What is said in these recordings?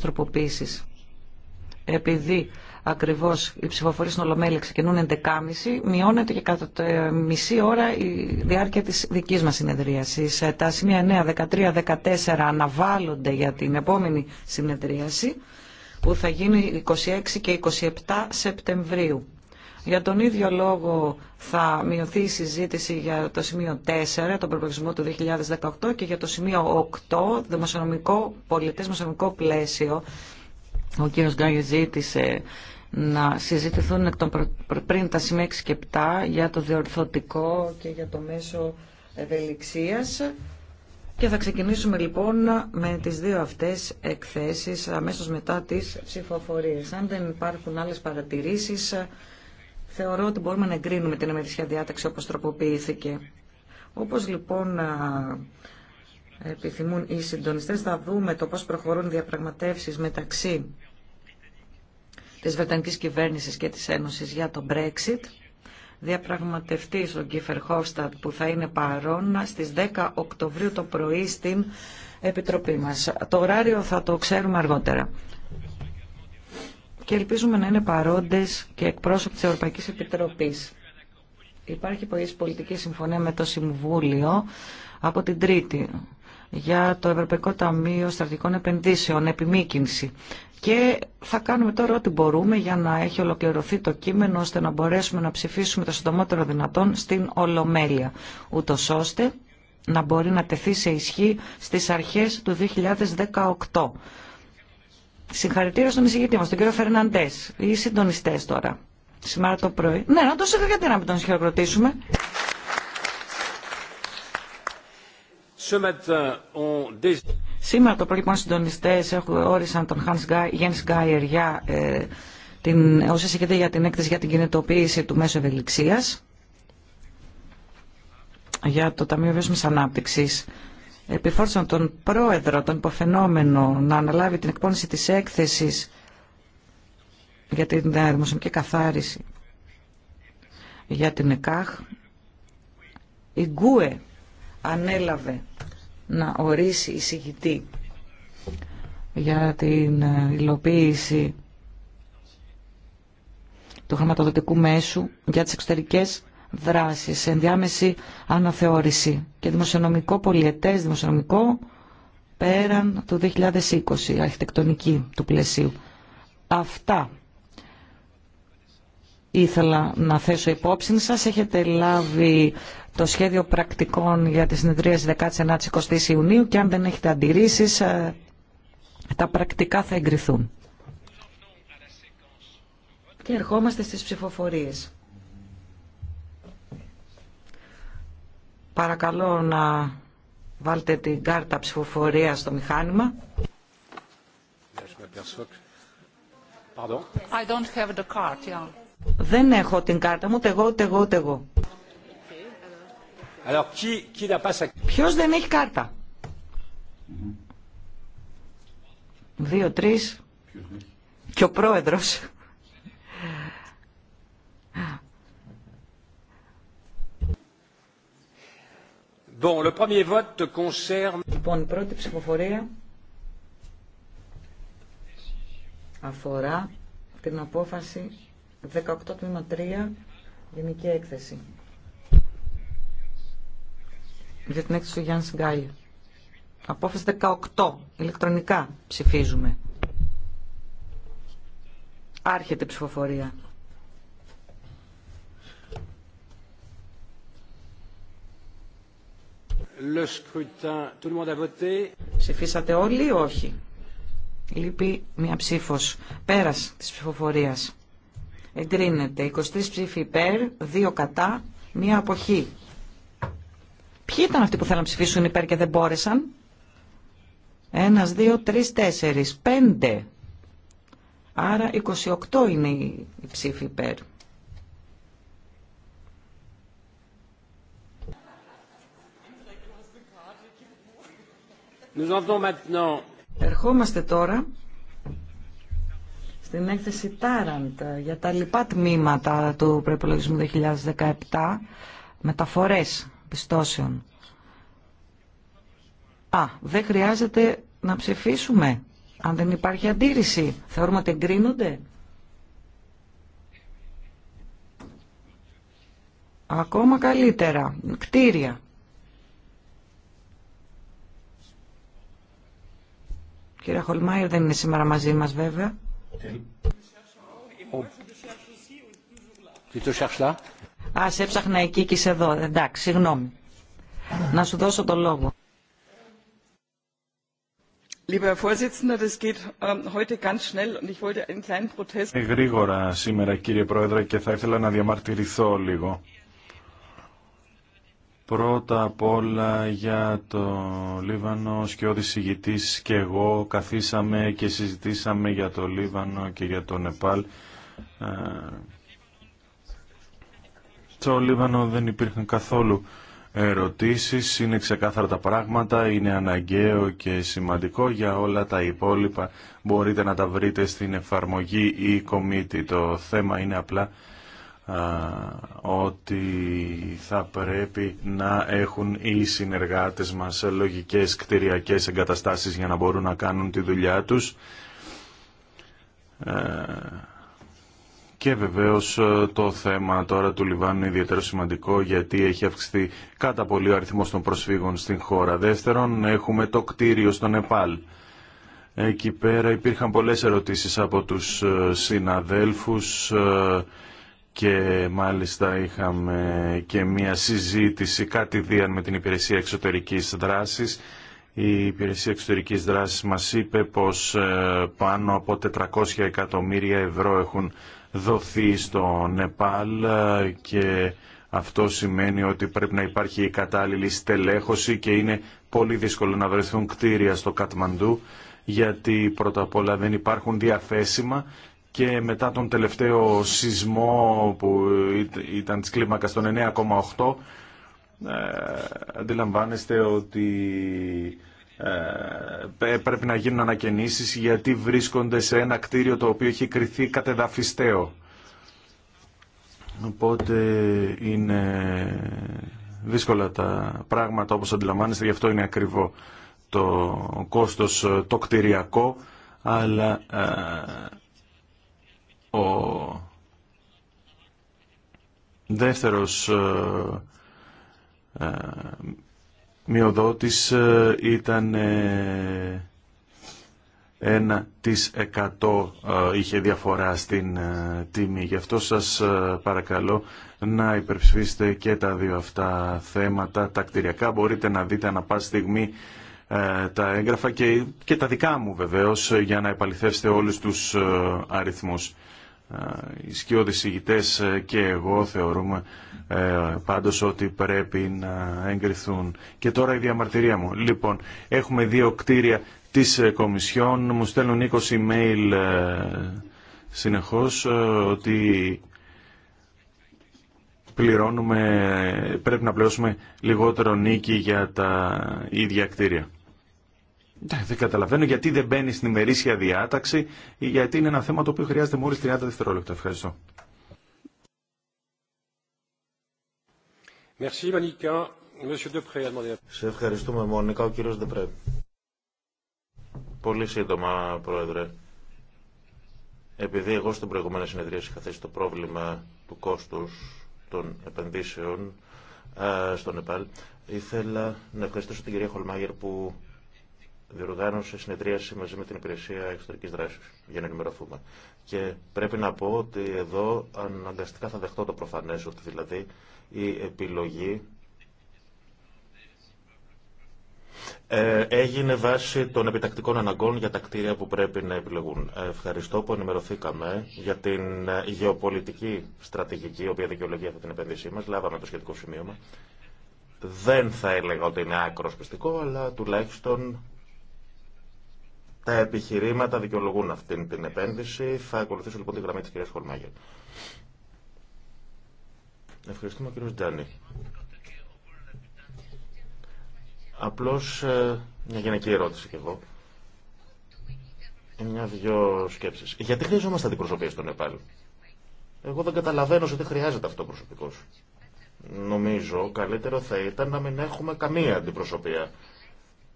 τροποποίησης. Επειδή ακριβώς οι ψηφοφορίες στην Ολομέλεια ξεκινούν 11.30, μειώνεται και κατά ε, μισή ώρα η διάρκεια της δικής μας συνεδρίασης. Ε, τα σημεία 9, 13, 14 αναβάλλονται για την επόμενη συνεδρίαση που θα γίνει 26 και 27 Σεπτεμβρίου. Για τον ίδιο λόγο θα μειωθεί η συζήτηση για το σημείο 4, τον προπολογισμό του 2018 και για το σημείο 8, δημοσιονομικό, πολιτές δημοσιονομικό πλαίσιο. Ο κύριος Γκάγιος ζήτησε να συζητηθούν πριν τα σημεία 6 και 7 για το διορθωτικό και για το μέσο ευελιξίας. Και θα ξεκινήσουμε λοιπόν με τις δύο αυτές εκθέσεις αμέσως μετά τις ψηφοφορίες. Αν δεν υπάρχουν άλλες παρατηρήσεις, Θεωρώ ότι μπορούμε να εγκρίνουμε την ημερησία διάταξη όπως τροποποιήθηκε. Όπως λοιπόν επιθυμούν οι συντονιστές, θα δούμε το πώς προχωρούν διαπραγματεύσεις μεταξύ της Βρετανικής κυβέρνησης και της Ένωσης για το Brexit. Διαπραγματευτής ο Γκίφερ Χόφστατ που θα είναι παρόν στις 10 Οκτωβρίου το πρωί στην Επιτροπή μας. Το ωράριο θα το ξέρουμε αργότερα και ελπίζουμε να είναι παρόντες και εκπρόσωποι της Ευρωπαϊκής Επιτροπής. Υπάρχει πολλή πολιτική συμφωνία με το Συμβούλιο από την Τρίτη για το Ευρωπαϊκό Ταμείο Στρατηγικών Επενδύσεων, επιμήκυνση. Και θα κάνουμε τώρα ό,τι μπορούμε για να έχει ολοκληρωθεί το κείμενο ώστε να μπορέσουμε να ψηφίσουμε το συντομότερο δυνατόν στην Ολομέλεια, ούτω ώστε να μπορεί να τεθεί σε ισχύ στις αρχές του 2018. Συγχαρητήρια στον εισηγητή μα, τον κύριο Φερναντέ. Οι συντονιστέ τώρα. Σήμερα το πρωί. Ναι, να το συγχαρητήρια, να μην τον χειροκροτήσουμε. Σήμερα το πρωί, λοιπόν, συντονιστέ όρισαν τον Hans για ε, την, για την έκθεση για την κινητοποίηση του μέσου ευελιξία για το Ταμείο Βιώσιμη Ανάπτυξη επιφόρσαν τον πρόεδρο, τον υποφαινόμενο, να αναλάβει την εκπόνηση της έκθεσης για την δημοσιονομική καθάριση για την ΕΚΑΧ, η Γκούε ανέλαβε να ορίσει εισηγητή για την υλοποίηση του χρηματοδοτικού μέσου για τις εξωτερικές δράσεις, ενδιάμεση αναθεώρηση και δημοσιονομικό πολιετές, δημοσιονομικό πέραν του 2020, αρχιτεκτονική του πλαισίου. Αυτά ήθελα να θέσω υπόψη σας. Έχετε λάβει το σχέδιο πρακτικών για τις συνεδρίες 19-20 Ιουνίου και αν δεν έχετε αντιρρήσεις, ε, τα πρακτικά θα εγκριθούν. Και ερχόμαστε στις ψηφοφορίες. Παρακαλώ να βάλτε την κάρτα ψηφοφορία στο μηχάνημα. Δεν έχω την κάρτα μου, ούτε εγώ, ούτε εγώ, ούτε εγώ. Ποιος δεν έχει κάρτα. Mm -hmm. Δύο, τρεις. Και ο πρόεδρος. Bon, le Λοιπόν, πρώτη ψηφοφορία αφορά την απόφαση 18 γενική έκθεση για την έκθεση του Γιάννη Γκάι. Απόφαση 18. Ηλεκτρονικά ψηφίζουμε. Άρχεται η ψηφοφορία. Ψηφίσατε όλοι ή όχι. Λείπει μία ψήφος. Πέρας της ψηφοφορίας. Εγκρίνεται. 23 ψήφοι υπέρ, 2 κατά, μία αποχή. Ποιοι ήταν αυτοί που θέλαν να ψηφίσουν υπέρ και δεν μπόρεσαν. Ένας, δύο, τρεις, τέσσερις, πέντε. Άρα 28 είναι οι ψήφοι υπέρ. Ερχόμαστε τώρα στην έκθεση Τάραντ για τα λοιπά τμήματα του προπολογισμού 2017 μεταφορές πιστώσεων. Α, δεν χρειάζεται να ψηφίσουμε. Αν δεν υπάρχει αντίρρηση, θεωρούμε ότι εγκρίνονται. Ακόμα καλύτερα, κτίρια. Κύριε Χολμάιρ δεν είναι σήμερα μαζί μας βέβαια. Α, σε έψαχνα εκεί και είσαι εδώ. Εντάξει, συγγνώμη. Να σου δώσω το λόγο. Ähm, Γρήγορα σήμερα κύριε Πρόεδρε και θα ήθελα να διαμαρτυρηθώ λίγο. Πρώτα απ' όλα για το Λίβανο, σκιώδης συγητής και εγώ καθίσαμε και συζητήσαμε για το Λίβανο και για το Νεπάλ. Ε, στο Λίβανο δεν υπήρχαν καθόλου ερωτήσεις, είναι ξεκάθαρα τα πράγματα, είναι αναγκαίο και σημαντικό για όλα τα υπόλοιπα. Μπορείτε να τα βρείτε στην εφαρμογή ή κομίτη. Το θέμα είναι απλά ότι θα πρέπει να έχουν οι συνεργάτες μας λογικές κτηριακές εγκαταστάσεις για να μπορούν να κάνουν τη δουλειά τους ε, και βεβαίως ε, το θέμα τώρα του Λιβάνου είναι ιδιαίτερο σημαντικό γιατί έχει αυξηθεί κατά πολύ ο αριθμός των προσφύγων στην χώρα. Δεύτερον, έχουμε το κτίριο στο Νεπάλ. Εκεί πέρα υπήρχαν πολλές ερωτήσεις από τους ε, συναδέλφους και μάλιστα είχαμε και μια συζήτηση κάτι με την Υπηρεσία Εξωτερικής Δράσης. Η Υπηρεσία Εξωτερικής Δράσης μας είπε πως ε, πάνω από 400 εκατομμύρια ευρώ έχουν δοθεί στο Νεπάλ ε, και αυτό σημαίνει ότι πρέπει να υπάρχει η κατάλληλη στελέχωση και είναι πολύ δύσκολο να βρεθούν κτίρια στο Κατμαντού γιατί πρώτα απ' όλα δεν υπάρχουν διαθέσιμα και μετά τον τελευταίο σεισμό που ήταν της κλίμακας των 9,8 ε, αντιλαμβάνεστε ότι ε, πρέπει να γίνουν ανακαινήσεις γιατί βρίσκονται σε ένα κτίριο το οποίο έχει κρυθεί κατεδαφιστέο. Οπότε είναι δύσκολα τα πράγματα όπως αντιλαμβάνεστε, γι' αυτό είναι ακριβό το κόστος το κτηριακό, αλλά ε, ο δεύτερος ε, ε, μειοδότης ε, ήταν 1% είχε διαφορά στην τιμή. Γι' αυτό σας παρακαλώ να υπερψηφίσετε και τα δύο αυτά θέματα. Τα μπορείτε να δείτε ανα πάση στιγμή τα έγγραφα και, και τα δικά μου βεβαίως για να επαληθεύσετε όλους τους αριθμούς οι σκιώδεις ηγητές ε, και εγώ θεωρούμε ε, πάντως ότι πρέπει να εγκριθούν. Και τώρα η διαμαρτυρία μου. Λοιπόν, έχουμε δύο κτίρια της ε, Κομισιόν, μου στέλνουν 20 email συνεχώς ότι πληρώνουμε, πρέπει να πληρώσουμε λιγότερο νίκη για τα ίδια κτίρια. Δεν καταλαβαίνω γιατί δεν μπαίνει στην ημερήσια διάταξη, γιατί είναι ένα θέμα το οποίο χρειάζεται μόλις 30 δευτερόλεπτα. Ευχαριστώ. Σε ευχαριστούμε, Μόνικα. Ο κύριος Δεπρέ. Πολύ σύντομα, Πρόεδρε. Επειδή εγώ στην προηγούμενη συνεδρία είχα θέσει το πρόβλημα του κόστου των επενδύσεων ε, στο Νεπάλ, ήθελα να ευχαριστήσω την κυρία Χολμάγερ που διοργάνωσε συνεδρίαση μαζί με την Υπηρεσία Εξωτερική Δράση για να ενημερωθούμε. Και πρέπει να πω ότι εδώ αναγκαστικά θα δεχτώ το προφανέ ότι δηλαδή η επιλογή ε, έγινε βάσει των επιτακτικών αναγκών για τα κτίρια που πρέπει να επιλεγούν. Ε, ευχαριστώ που ενημερωθήκαμε για την ε, γεωπολιτική στρατηγική, η οποία δικαιολογεί αυτή την επένδυσή μα. Λάβαμε το σχετικό σημείωμα. Δεν θα έλεγα ότι είναι άκρο πιστικό, αλλά τουλάχιστον τα επιχειρήματα δικαιολογούν αυτήν την επένδυση. Θα ακολουθήσω λοιπόν τη γραμμή της κυρίας Χολμάγερ. Ευχαριστούμε κύριο Τζάνι. Απλώς ε, μια γενική ερώτηση κι εγώ. Μια-δυο σκέψεις. Γιατί χρειαζόμαστε αντιπροσωπεία στον Νεπάλ. Εγώ δεν καταλαβαίνω σε τι χρειάζεται αυτό προσωπικό. Νομίζω καλύτερο θα ήταν να μην έχουμε καμία αντιπροσωπεία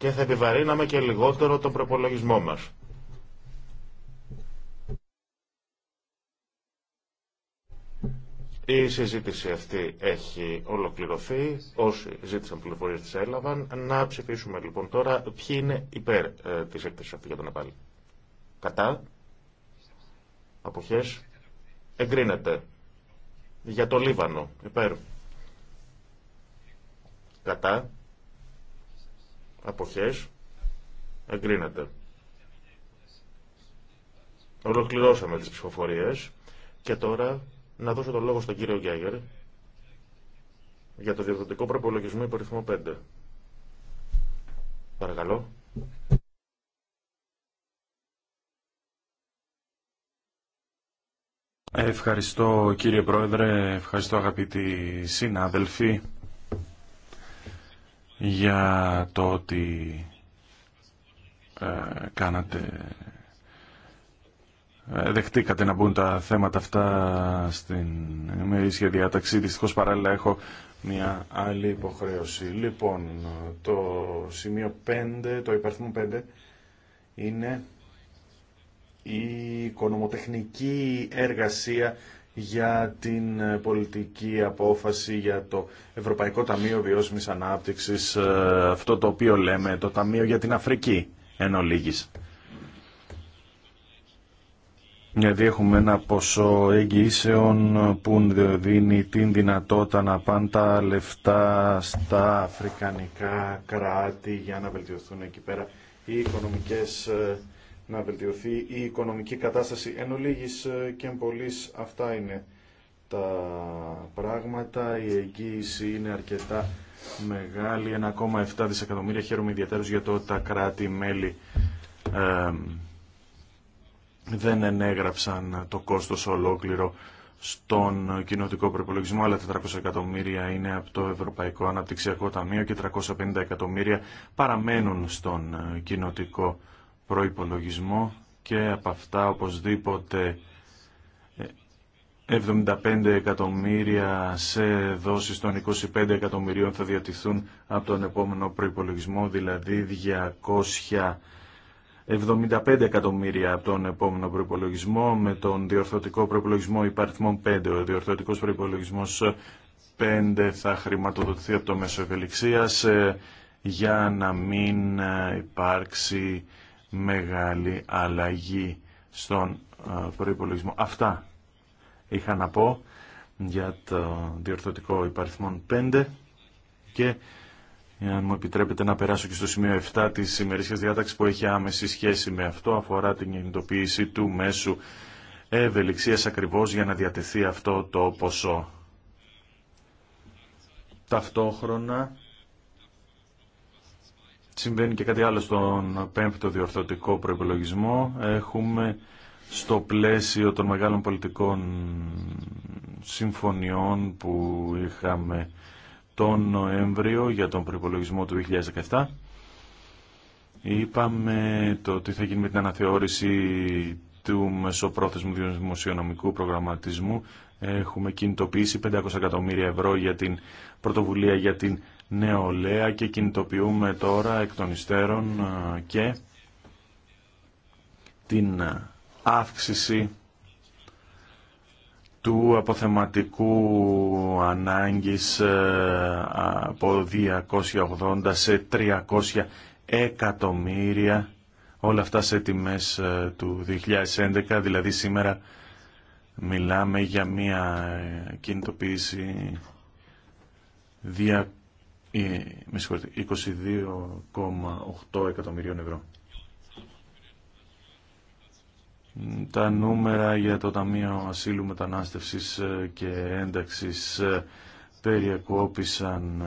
και θα επιβαρύναμε και λιγότερο τον προπολογισμό μας. Η συζήτηση αυτή έχει ολοκληρωθεί. Όσοι ζήτησαν πληροφορίε τι έλαβαν. Να ψηφίσουμε λοιπόν τώρα ποιοι είναι υπέρ ε, τη έκθεση αυτή για τον Επάλη. Κατά. Αποχέ. Εγκρίνεται. Για το Λίβανο. Υπέρ. Κατά. Αποχές. Εγκρίνεται. Ολοκληρώσαμε τις ψηφοφορίες και τώρα να δώσω το λόγο στον κύριο Γκέγερ για το διευθυντικό προπολογισμό υπαριθμό 5. Παρακαλώ. Ευχαριστώ κύριε Πρόεδρε, ευχαριστώ αγαπητοί συνάδελφοι για το ότι ε, κάνατε ε, δεχτήκατε να μπουν τα θέματα αυτά στην ημερήσια διάταξη. Δυστυχώς παράλληλα έχω μια άλλη υποχρέωση. Λοιπόν, το σημείο 5, το υπαριθμό 5, είναι η οικονομοτεχνική εργασία για την ε, πολιτική απόφαση για το Ευρωπαϊκό Ταμείο Βιώσιμης Ανάπτυξης, ε, αυτό το οποίο λέμε το Ταμείο για την Αφρική εν ολίγης. Γιατί έχουμε ένα ποσό εγγυήσεων που δίνει την δυνατότητα να πάνε τα λεφτά στα αφρικανικά κράτη για να βελτιωθούν εκεί πέρα οι οικονομικές ε, να βελτιωθεί η οικονομική κατάσταση. Εν ολίγης ε, και πολλής αυτά είναι τα πράγματα. Η εγγύηση είναι αρκετά μεγάλη, 1,7 δισεκατομμύρια. Χαίρομαι ιδιαίτερως για το ότι τα κράτη-μέλη ε, δεν ενέγραψαν το κόστος ολόκληρο στον κοινοτικό προπολογισμό, αλλά 400 εκατομμύρια είναι από το Ευρωπαϊκό Αναπτυξιακό Ταμείο και 350 εκατομμύρια παραμένουν στον ε, κοινοτικό προπολογισμό προϋπολογισμό και από αυτά οπωσδήποτε 75 ε, εκατομμύρια σε δόσεις των 25 εκατομμυρίων θα διατηθούν από τον επόμενο προϋπολογισμό, δηλαδή 275 εκατομμύρια από τον επόμενο προϋπολογισμό με τον διορθωτικό προϋπολογισμό υπαριθμών 5. Ο διορθωτικός προϋπολογισμός 5 θα χρηματοδοτηθεί από το μέσο ευελιξίας ε, για να μην ε, υπάρξει μεγάλη αλλαγή στον ε, προϋπολογισμό. Αυτά είχα να πω για το διορθωτικό υπαριθμών 5 και αν μου επιτρέπετε να περάσω και στο σημείο 7 της ημερήσιας διάταξης που έχει άμεση σχέση με αυτό αφορά την κινητοποίηση του μέσου ευελιξίας ακριβώς για να διατεθεί αυτό το ποσό. Ταυτόχρονα συμβαίνει και κάτι άλλο στον πέμπτο διορθωτικό προϋπολογισμό. Έχουμε στο πλαίσιο των μεγάλων πολιτικών συμφωνιών που είχαμε τον Νοέμβριο για τον προϋπολογισμό του 2017. Είπαμε το τι θα γίνει με την αναθεώρηση του μεσοπρόθεσμου δημοσιονομικού προγραμματισμού. Έχουμε κινητοποιήσει 500 εκατομμύρια ευρώ για την πρωτοβουλία για την νεολαία και κινητοποιούμε τώρα εκ των υστέρων ε, και την ε, αύξηση του αποθεματικού ανάγκης ε, από 280 σε 300 εκατομμύρια όλα αυτά σε τιμές του 2011 δηλαδή σήμερα μιλάμε για μια κινητοποίηση 22,8 εκατομμυρίων ευρώ. Τα νούμερα για το Ταμείο Ασύλου Μετανάστευσης ε, και Ένταξης ε, περιακόπησαν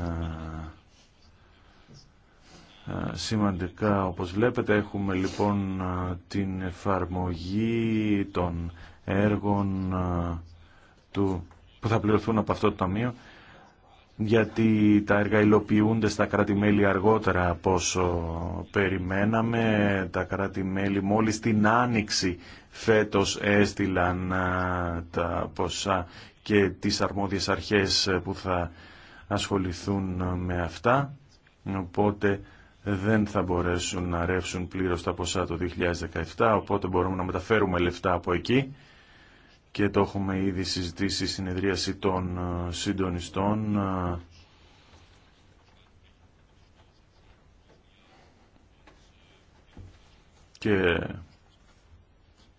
ε, σημαντικά. Όπως βλέπετε έχουμε λοιπόν την εφαρμογή των έργων του, που θα πληρωθούν από αυτό το Ταμείο γιατί τα έργα υλοποιούνται στα κράτη-μέλη αργότερα από όσο περιμέναμε. Τα κράτη-μέλη μόλις την Άνοιξη φέτος έστειλαν τα ποσά και τις αρμόδιες αρχές που θα ασχοληθούν με αυτά. Οπότε δεν θα μπορέσουν να ρεύσουν πλήρως τα ποσά το 2017, οπότε μπορούμε να μεταφέρουμε λεφτά από εκεί και το έχουμε ήδη συζητήσει στη συνεδρίαση των ε, συντονιστών. Ε, και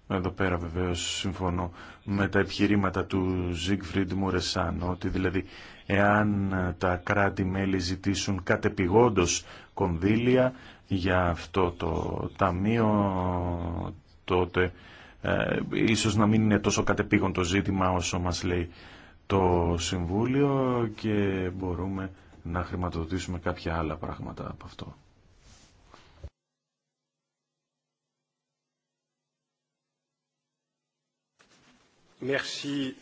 εδώ πέρα βεβαίως συμφωνώ με τα επιχειρήματα του Ζίγκφριντ Μουρεσάν, ότι δηλαδή εάν ε, τα κράτη-μέλη ζητήσουν κατεπηγόντως κονδύλια για αυτό το ταμείο, τότε ε, ίσως να μην είναι τόσο κατεπήγον το ζήτημα όσο μας λέει το Συμβούλιο και μπορούμε να χρηματοδοτήσουμε κάποια άλλα πράγματα από αυτό. Merci.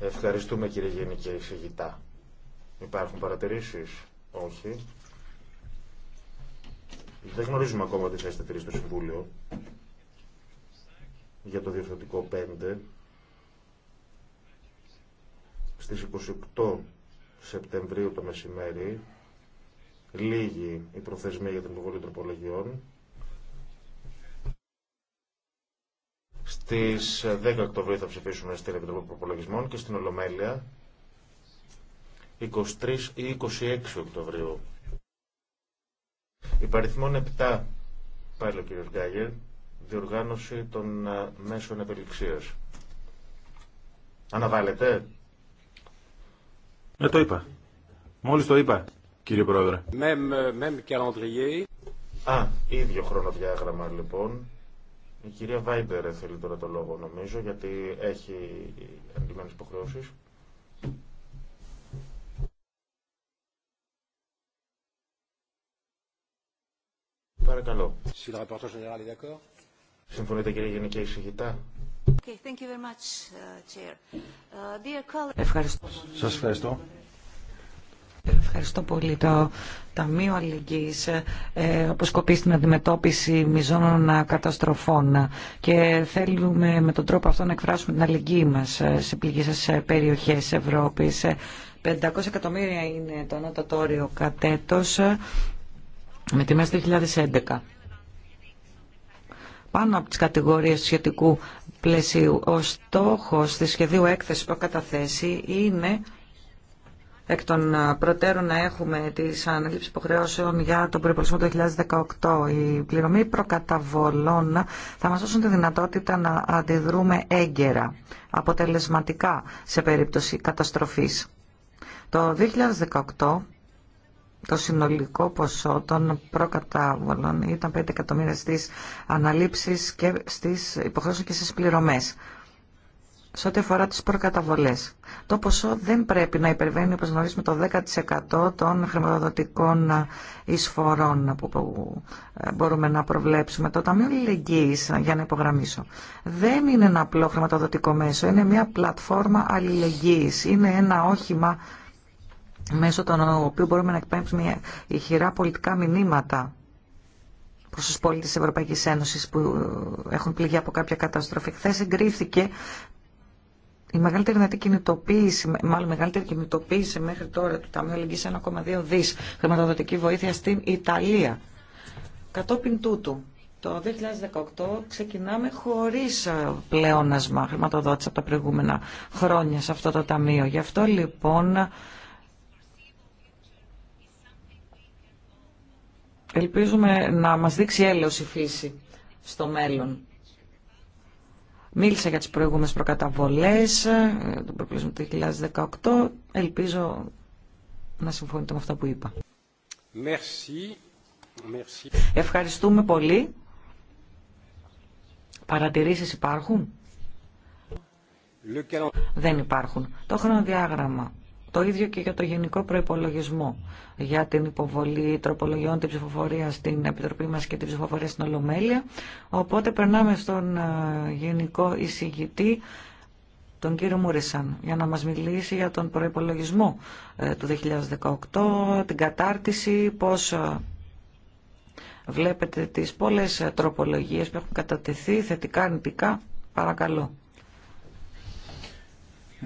Ευχαριστούμε κύριε Γενική Εισηγητά. Υπάρχουν παρατηρήσεις. Όχι. Δεν γνωρίζουμε ακόμα τι θα είστε στο Συμβούλιο για το Διευθυντικό 5 στις 28 Σεπτεμβρίου το μεσημέρι λίγη η προθεσμία για την υποβολή τροπολογιών Στις 10 Οκτωβρίου θα ψηφίσουμε στην Επιτροπή Προπολογισμών και στην Ολομέλεια 23 ή 26 Οκτωβρίου. Υπαριθμών 7 πάλι ο κύριος Γκάγερ διοργάνωση των ε, μέσων ευελιξία. Αναβάλλετε. Ε, το είπα. Μόλις το είπα, κύριε Πρόεδρε. καλοντριέ. Ε, Α, ίδιο χρονοδιάγραμμα λοιπόν. Η κυρία Βάιντερ θέλει τώρα το λόγο νομίζω γιατί έχει αντιμένες υποχρεώσει. Παρακαλώ. Si le rapporteur général Συμφωνείτε κύριε Γενική Εισηγητά. ευχαριστώ. Σας ευχαριστώ. Ευχαριστώ πολύ. Το Ταμείο Αλληλεγγύης ε, αποσκοπεί στην αντιμετώπιση μιζώνων ε, καταστροφών και θέλουμε με τον τρόπο αυτό να εκφράσουμε την αλληλεγγύη μας ε, σε πληγές περιοχές Ευρώπης. 500 ε, εκατομμύρια είναι το ανώτατο όριο κατέτος με τιμές 2011 πάνω από τις κατηγορίες σχετικού πλαισίου. Ο στόχος της σχεδίου έκθεσης που είναι εκ των προτέρων να έχουμε τις αναλήψεις υποχρεώσεων για τον προϋπολισμό του 2018. Η πληρωμή προκαταβολών θα μας δώσουν τη δυνατότητα να αντιδρούμε έγκαιρα, αποτελεσματικά σε περίπτωση καταστροφής. Το 2018 το συνολικό ποσό των προκατάβολων ήταν 5 εκατομμύρια στις αναλήψεις και στις υποχρεώσεις και στις πληρωμές. Σε ό,τι αφορά τις προκαταβολές, το ποσό δεν πρέπει να υπερβαίνει, όπως γνωρίζουμε, το 10% των χρηματοδοτικών εισφορών που μπορούμε να προβλέψουμε. Το Ταμείο Αλληλεγγύης, για να υπογραμμίσω, δεν είναι ένα απλό χρηματοδοτικό μέσο, είναι μια πλατφόρμα αλληλεγγύης, είναι ένα όχημα μέσω των οποίων μπορούμε να εκπέμψουμε ηχηρά πολιτικά μηνύματα προς τους πολίτες της Ευρωπαϊκής Ένωσης που έχουν πληγεί από κάποια καταστροφή. Χθε εγκρίθηκε η μεγαλύτερη δυνατή κινητοποίηση, μάλλον μεγαλύτερη κινητοποίηση μέχρι τώρα του Ταμείου Ελληνικής 1,2 δις χρηματοδοτική βοήθεια στην Ιταλία. Κατόπιν τούτου, το 2018 ξεκινάμε χωρίς ε, πλεόνασμα χρηματοδότηση από τα προηγούμενα χρόνια σε αυτό το ταμείο. Γι' αυτό λοιπόν Ελπίζουμε να μας δείξει έλεος η φύση στο μέλλον. Μίλησα για τις προηγούμενες προκαταβολές, ε, τον προκλήσιμο του 2018. Ελπίζω να συμφωνείτε με αυτά που είπα. Ευχαριστούμε πολύ. Παρατηρήσεις υπάρχουν. Δεν υπάρχουν. Το χρονοδιάγραμμα το ίδιο και για το γενικό προπολογισμό για την υποβολή τροπολογιών, την ψηφοφορία στην Επιτροπή μας και την ψηφοφορία στην Ολομέλεια. Οπότε περνάμε στον ε, γενικό εισηγητή, τον κύριο Μούρισαν, για να μας μιλήσει για τον προϋπολογισμό ε, του 2018, την κατάρτιση, πώς ε, βλέπετε τις πολλές τροπολογίες που έχουν κατατεθεί, θετικά, αρνητικά. Παρακαλώ.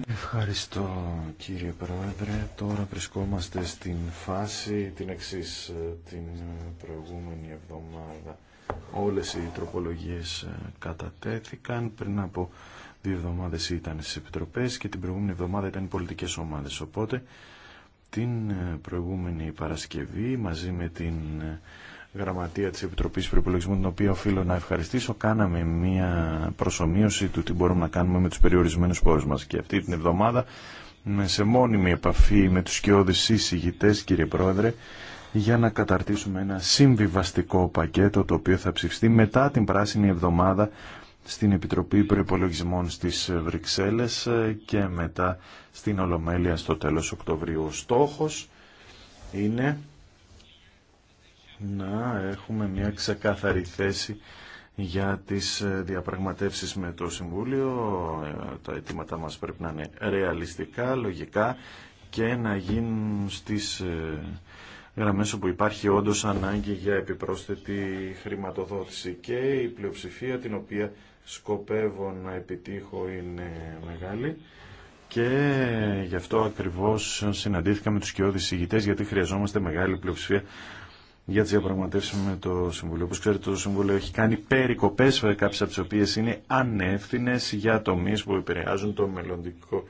Ευχαριστώ κύριε Πρόεδρε. Τώρα βρισκόμαστε στην φάση την εξής ε, την προηγούμενη εβδομάδα. Όλες οι τροπολογίες ε, κατατέθηκαν. Πριν από δύο εβδομάδες ήταν στις επιτροπές και την προηγούμενη εβδομάδα ήταν οι πολιτικές ομάδες. Οπότε την ε, προηγούμενη Παρασκευή μαζί με την γραμματεία της Επιτροπής Προπολογισμού, την οποία οφείλω να ευχαριστήσω, κάναμε μια προσωμείωση του τι μπορούμε να κάνουμε με τους περιορισμένους πόρους μας. Και αυτή την εβδομάδα, σε μόνιμη επαφή με τους σκιώδεις εισηγητές, κύριε Πρόεδρε, για να καταρτήσουμε ένα συμβιβαστικό πακέτο, το οποίο θα ψηφιστεί μετά την πράσινη εβδομάδα στην Επιτροπή Προπολογισμών στις Βρυξέλλες και μετά στην Ολομέλεια στο τέλος Οκτωβρίου. Ο στόχος είναι να έχουμε μια ξεκάθαρη θέση για τις ε, διαπραγματεύσεις με το Συμβούλιο. Ε, τα αιτήματά μας πρέπει να είναι ρεαλιστικά, λογικά και να γίνουν στις ε, γραμμές όπου υπάρχει όντως ανάγκη για επιπρόσθετη χρηματοδότηση και η πλειοψηφία την οποία σκοπεύω να επιτύχω είναι μεγάλη και γι' αυτό ακριβώς συναντήθηκα με τους κοιόδης ηγητές γιατί χρειαζόμαστε μεγάλη πλειοψηφία για τι διαπραγματεύσει με το Συμβουλίο. Όπω ξέρετε το Συμβουλίο έχει κάνει περικοπές ε, κάποιες από τι οποίε είναι ανεύθυνες για τομεί που επηρεάζουν το μελλοντικό,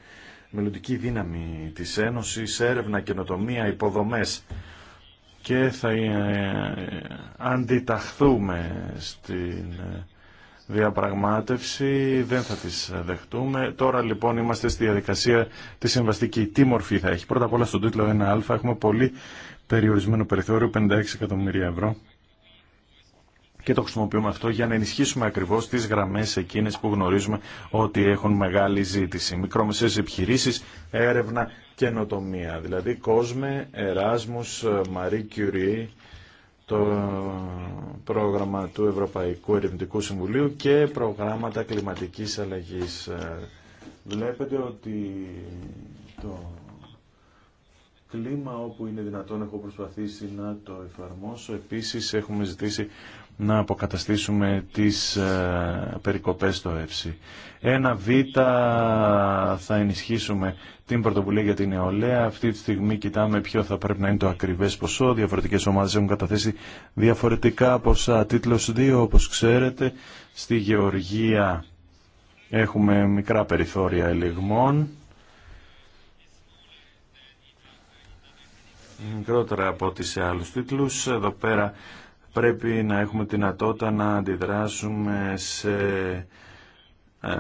μελλοντική δύναμη της Ένωσης, έρευνα, καινοτομία, υποδομές και θα ε, ε, αντιταχθούμε στην διαπραγμάτευση, δεν θα τις ε, δεχτούμε. Τώρα λοιπόν είμαστε στη διαδικασία τη συμβαστική. Τι μορφή θα έχει. Πρώτα απ' όλα στον τίτλο 1α έχουμε πολύ περιορισμένο περιθώριο 56 εκατομμύρια ευρώ και το χρησιμοποιούμε αυτό για να ενισχύσουμε ακριβώς τις γραμμές εκείνες που γνωρίζουμε ότι έχουν μεγάλη ζήτηση. Μικρόμεσαίες επιχειρήσει, έρευνα, καινοτομία. Δηλαδή κόσμε, Εράσμους, Μαρή ε, Κιουρί, το πρόγραμμα του Ευρωπαϊκού Ερευνητικού Συμβουλίου και προγράμματα κλιματικής αλλαγής. Ε, βλέπετε ότι το κλίμα όπου είναι δυνατόν έχω προσπαθήσει να το εφαρμόσω. Επίσης έχουμε ζητήσει να αποκαταστήσουμε τις ε, περικοπές στο ΕΦΣΥ. Ένα Β θα ενισχύσουμε την πρωτοβουλία για την νεολαία. Αυτή τη στιγμή κοιτάμε ποιο θα πρέπει να είναι το ακριβές ποσό. Διαφορετικές ομάδες έχουν καταθέσει διαφορετικά ποσά. Τίτλος 2, όπως ξέρετε, στη Γεωργία έχουμε μικρά περιθώρια ελιγμών. Μικρότερα από ό,τι σε άλλους τίτλους. Εδώ πέρα πρέπει να έχουμε τη δυνατότητα να αντιδράσουμε σε ε,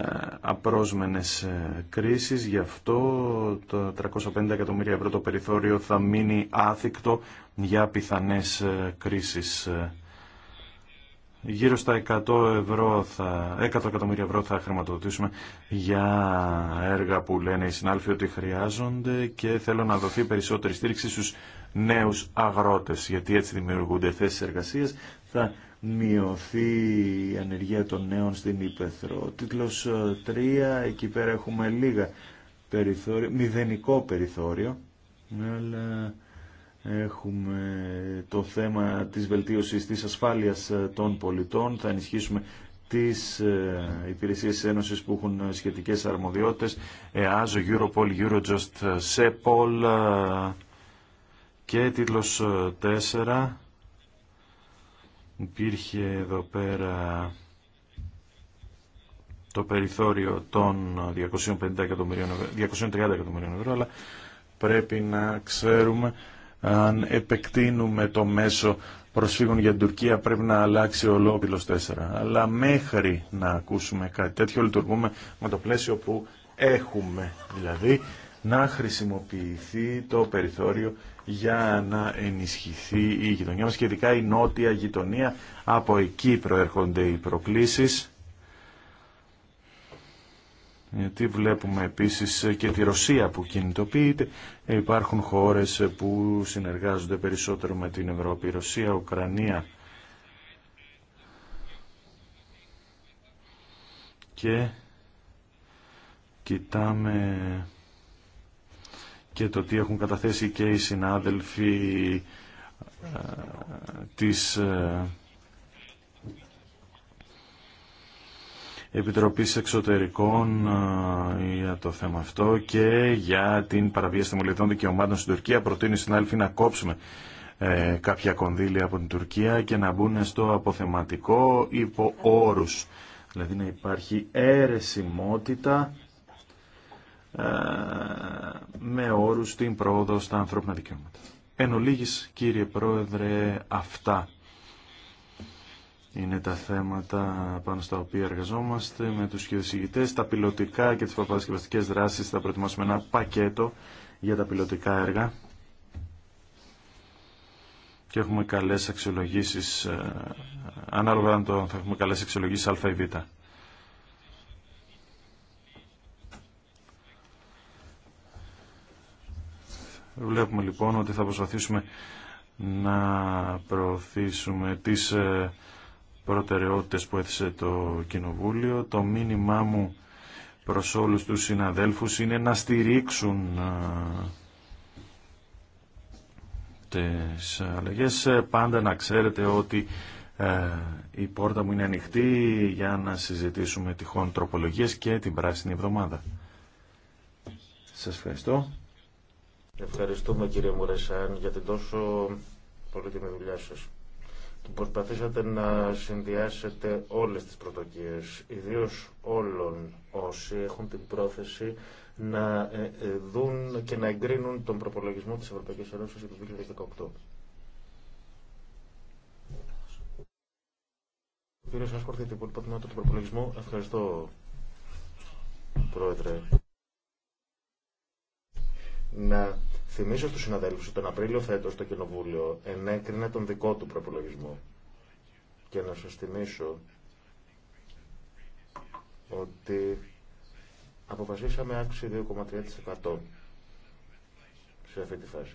απρόσμενες ε, κρίσεις. Γι' αυτό το 350 εκατομμύρια ευρώ το περιθώριο θα μείνει άθικτο για πιθανές ε, κρίσεις. Γύρω στα 100, ευρώ θα, 100 εκατομμύρια ευρώ θα χρηματοδοτήσουμε για έργα που λένε οι συνάλφοι ότι χρειάζονται και θέλω να δοθεί περισσότερη στήριξη στους νέους αγρότες, γιατί έτσι δημιουργούνται θέσεις εργασίας, θα μειωθεί η ανεργία των νέων στην Ήπεθρο. Τίτλος 3, ε, εκεί πέρα έχουμε λίγα περιθώριο, μηδενικό περιθώριο, αλλά έχουμε το θέμα της βελτίωσης της ασφάλειας ε, των πολιτών, θα ενισχύσουμε τις ε, υπηρεσίες της Ένωσης που έχουν σχετικές αρμοδιότητες, ΕΑΖΟ, Europol, Eurojust, SEPOL, και τίτλος 4 ε, υπήρχε εδώ πέρα το περιθώριο των 250 εκατομμυρίων, 230 εκατομμυρίων ευρώ, αλλά πρέπει να ξέρουμε αν επεκτείνουμε το μέσο προσφύγων για την Τουρκία πρέπει να αλλάξει λόγος 4. Αλλά μέχρι να ακούσουμε κάτι τέτοιο λειτουργούμε με το πλαίσιο που έχουμε. Δηλαδή να χρησιμοποιηθεί το περιθώριο για να ενισχυθεί η γειτονιά μας και ειδικά η νότια γειτονία. Από εκεί προέρχονται οι προκλήσεις. Γιατί βλέπουμε επίσης και τη Ρωσία που κινητοποιείται. Υπάρχουν χώρες που συνεργάζονται περισσότερο με την Ευρώπη. Ρωσία, Ουκρανία και κοιτάμε και το τι έχουν καταθέσει και οι συνάδελφοι ε, της ε, Επιτροπής Εξωτερικών ε, για το θέμα αυτό και για την παραβίαση θεμελιωδών δικαιωμάτων στην Τουρκία. Προτείνει στην συνάδελφοι να κόψουμε κάποια κονδύλια από την Τουρκία και να μπουν στο αποθεματικό υπό όρους. Δηλαδή να υπάρχει αίρεσιμότητα ε, με όρους την πρόοδο στα ανθρώπινα δικαιώματα. Εν ολίγης, κύριε Πρόεδρε, αυτά είναι τα θέματα πάνω στα οποία εργαζόμαστε με τους χειοδησηγητές. Τα πιλωτικά και τις προπαρασκευαστικές δράσεις θα προετοιμάσουμε ένα πακέτο για τα πιλωτικά έργα και έχουμε καλές αξιολογήσεις ε, ανάλογα αν το θα έχουμε καλές αξιολογήσεις α ή β. Βλέπουμε λοιπόν ότι θα προσπαθήσουμε να προωθήσουμε τις ε, προτεραιότητες που έθεσε το Κοινοβούλιο. Το μήνυμά μου προς όλους τους συναδέλφους είναι να στηρίξουν ε, τις αλλαγές. Ε, πάντα να ξέρετε ότι η πόρτα μου είναι ανοιχτή για να συζητήσουμε τυχόν τροπολογίες και την Πράσινη Εβδομάδα. Σας ευχαριστώ. Ευχαριστούμε κύριε Μουρεσάν για την τόσο πολύτιμη δουλειά σας. Προσπαθήσατε να συνδυάσετε όλες τις πρωτοκίες, ιδίως όλων όσοι έχουν την πρόθεση να ε, ε, δουν και να εγκρίνουν τον προπολογισμό της Ευρωπαϊκής Ένωσης για το 2018. Κύριε Σασκορθίτη για την πολύ του προπολογισμού, ευχαριστώ, Πρόεδρε να θυμίσω στους συναδέλφους ότι τον Απρίλιο φέτος το Κοινοβούλιο ενέκρινε τον δικό του προπολογισμό. Και να σας θυμίσω ότι αποφασίσαμε άξι 2,3% σε αυτή τη φάση.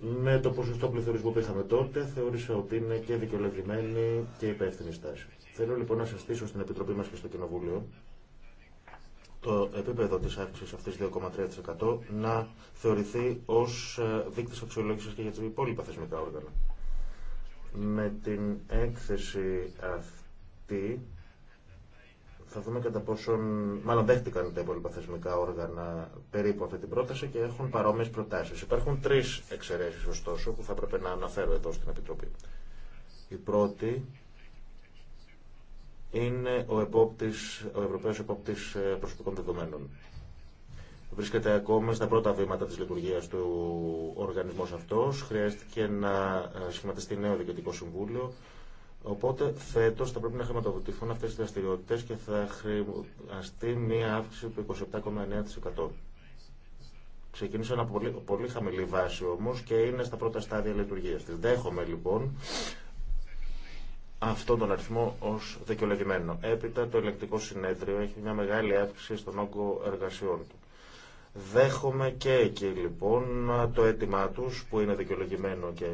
Με το ποσοστό πληθωρισμού που είχαμε τότε, θεώρησα ότι είναι και δικαιολογημένη και υπεύθυνη στάση. Θέλω λοιπόν να σα στήσω στην Επιτροπή μα και στο Κοινοβούλιο το επίπεδο της αύξησης αυτής 2,3% να θεωρηθεί ως ε, δείκτης αξιολόγησης και για τις υπόλοιπα θεσμικά όργανα. Με την έκθεση αυτή θα δούμε κατά πόσον, μάλλον δέχτηκαν τα υπόλοιπα θεσμικά όργανα περίπου αυτή την πρόταση και έχουν παρόμοιε προτάσει. Υπάρχουν τρει εξαιρέσει, ωστόσο, που θα έπρεπε να αναφέρω εδώ στην Επιτροπή. Η πρώτη είναι ο, επόπτης, ο Ευρωπαίος Επόπτης ε, Προσωπικών Δεδομένων. Βρίσκεται ακόμα στα πρώτα βήματα της λειτουργίας του οργανισμός αυτός. Χρειάστηκε να ε, σχηματιστεί νέο διοικητικό συμβούλιο. Οπότε φέτος θα πρέπει να χρηματοδοτηθούν αυτές τις δραστηριότητες και θα χρειαστεί μία αύξηση του 27,9%. Ξεκίνησε από πολύ, πολύ χαμηλή βάση όμως και είναι στα πρώτα στάδια λειτουργίας της. Δέχομαι λοιπόν αυτόν τον αριθμό ως δικαιολογημένο. Έπειτα το ελεκτικό συνέδριο έχει μια μεγάλη αύξηση στον όγκο εργασιών του. Δέχομαι και εκεί λοιπόν το αίτημά του που είναι δικαιολογημένο και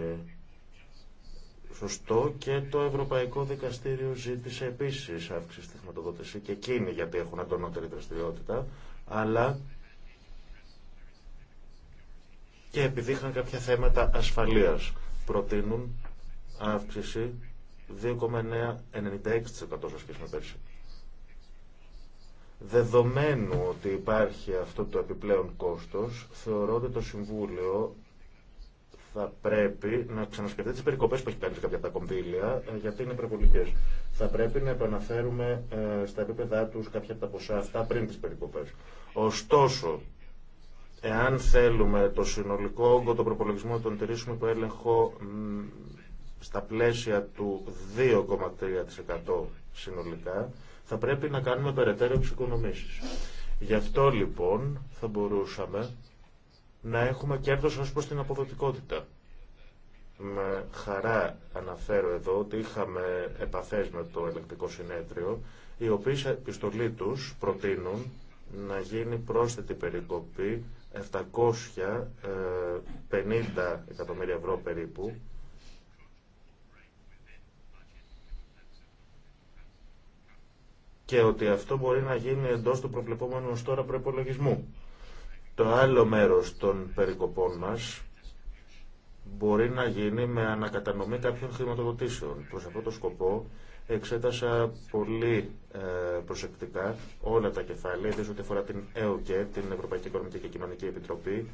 σωστό και το Ευρωπαϊκό Δικαστήριο ζήτησε επίση αύξηση στη χρηματοδότηση και εκείνοι γιατί έχουν αντωνότερη δραστηριότητα αλλά και επειδή είχαν κάποια θέματα ασφαλείας προτείνουν αύξηση 2,96% σε σχέση με πέρσι. Δεδομένου ότι υπάρχει αυτό το επιπλέον κόστος, θεωρώ ότι το Συμβούλιο θα πρέπει να ξανασκεφτεί τις περικοπές που έχει κάνει σε κάποια τα κονδύλια, ε, γιατί είναι προπολικές. Θα πρέπει να επαναφέρουμε ε, στα επίπεδά του κάποια από τα ποσά αυτά πριν τις περικοπές. Ωστόσο, εάν θέλουμε το συνολικό όγκο, τον να τον τηρήσουμε υπό έλεγχο στα πλαίσια του 2,3% συνολικά, θα πρέπει να κάνουμε περαιτέρω εξοικονομήσει. Γι' αυτό λοιπόν θα μπορούσαμε να έχουμε κέρδος ως προς την αποδοτικότητα. Με χαρά αναφέρω εδώ ότι είχαμε επαφές με το ελεκτικό συνέδριο, οι οποίοι σε επιστολή τους προτείνουν να γίνει πρόσθετη περικοπή 750 ε, εκατομμύρια ευρώ περίπου και ότι αυτό μπορεί να γίνει εντός του προβλεπόμενου ως τώρα προπολογισμού. Το άλλο μέρος των περικοπών μας μπορεί να γίνει με ανακατανομή κάποιων χρηματοδοτήσεων. Προς αυτό το σκοπό εξέτασα πολύ ε, προσεκτικά όλα τα κεφάλαια, ιδίως ό,τι αφορά την ΕΟΚΕ, την Ευρωπαϊκή Οικονομική και Κοινωνική Επιτροπή,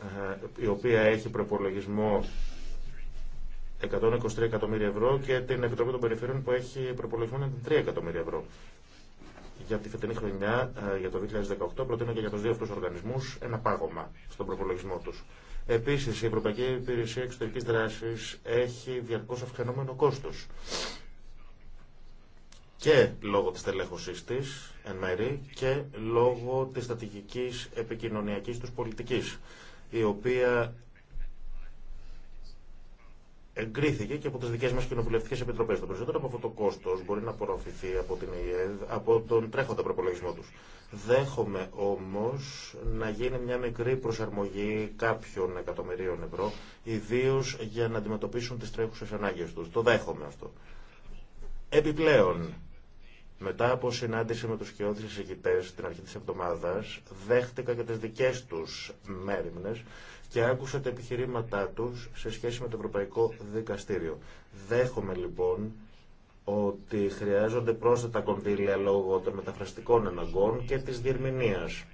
ε, η οποία έχει προπολογισμό 123 εκατομμύρια ευρώ και την Επιτροπή των Περιφερειών που έχει προπολογισμό 3 εκατομμύρια ευρώ για τη φετινή χρονιά, ε, για το 2018, προτείνω και για του δύο αυτού οργανισμού ένα πάγωμα στον προπολογισμό του. Επίση, η Ευρωπαϊκή Υπηρεσία Εξωτερική Δράση έχει διαρκώ αυξανόμενο κόστο. Και λόγω τη τελέχωσή τη, εν μέρη, και λόγω τη στατηγική επικοινωνιακή του πολιτική, η οποία εγκρίθηκε και από τι δικέ μα κοινοβουλευτικέ επιτροπέ. Το περισσότερο από αυτό το κόστο μπορεί να απορροφηθεί από, την ΕΕΔ, από τον τρέχοντα προπολογισμό του. Δέχομαι όμω να γίνει μια μικρή προσαρμογή κάποιων εκατομμυρίων ευρώ, ιδίω για να αντιμετωπίσουν τι τρέχουσε ανάγκε του. Το δέχομαι αυτό. Επιπλέον, μετά από συνάντηση με τους κοιότητες εισηγητές την αρχή της εβδομάδας, δέχτηκα και τις δικές τους μέρημνες και άκουσα τα επιχειρήματά τους σε σχέση με το Ευρωπαϊκό Δικαστήριο. Δέχομαι λοιπόν ότι χρειάζονται πρόσθετα κονδύλια λόγω των μεταφραστικών αναγκών και της διερμηνίας.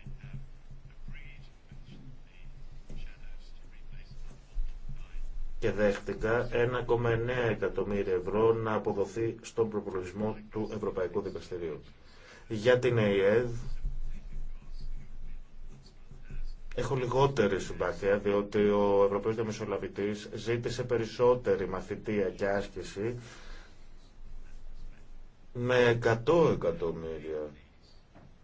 και δέχτηκα 1,9 εκατομμύρια ευρώ να αποδοθεί στον προπολογισμό του Ευρωπαϊκού Δικαστηρίου. Για την ΕΕΔ έχω λιγότερη συμπάθεια διότι ο Ευρωπαϊκός Διαμεσολαβητής ζήτησε περισσότερη μαθητεία και άσκηση με 100 εκατομμύρια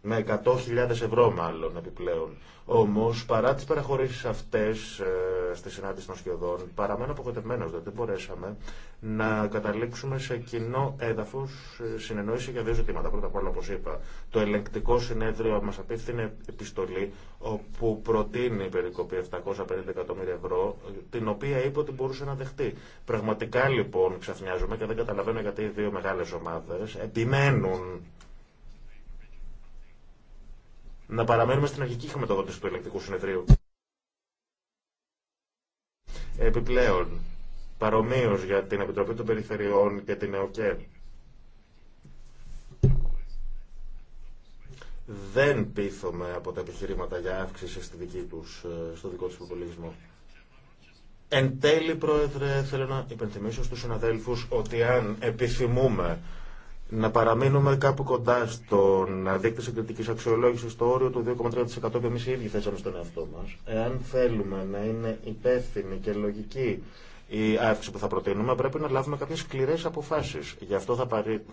με 100.000 ευρώ μάλλον επιπλέον. Όμω, παρά τι παραχωρήσει αυτέ ε, στη συνάντηση των σχεδόν, παραμένω απογοητευμένο δεν μπορέσαμε να καταλήξουμε σε κοινό έδαφο ε, συνεννόηση για δύο ζητήματα. Πρώτα απ' όλα, όπω είπα, το ελεγκτικό συνέδριο μα απίφθινε επιστολή όπου προτείνει η περικοπή 750 εκατομμύρια ευρώ, την οποία είπε ότι μπορούσε να δεχτεί. Πραγματικά λοιπόν ξαφνιάζομαι και δεν καταλαβαίνω γιατί οι δύο μεγάλε ομάδε επιμένουν να παραμένουμε στην αρχική χρηματοδότηση του ελεκτικού συνεδρίου. Επιπλέον, παρομοίω για την Επιτροπή των Περιφερειών και την ΕΟΚΕ, δεν πείθομαι από τα επιχειρήματα για αύξηση στη δική τους, ε, στο δικό του προπολογισμό. Εν τέλει, Πρόεδρε, θέλω να υπενθυμίσω στους συναδέλφους ότι αν επιθυμούμε να παραμείνουμε κάπου κοντά στον δείκτη συγκριτική αξιολόγηση στο όριο του 2,3% που εμεί οι ίδιοι θέσαμε στον εαυτό μα. Εάν θέλουμε να είναι υπεύθυνη και λογική η αύξηση που θα προτείνουμε, πρέπει να λάβουμε κάποιε σκληρέ αποφάσει. Γι' αυτό θα,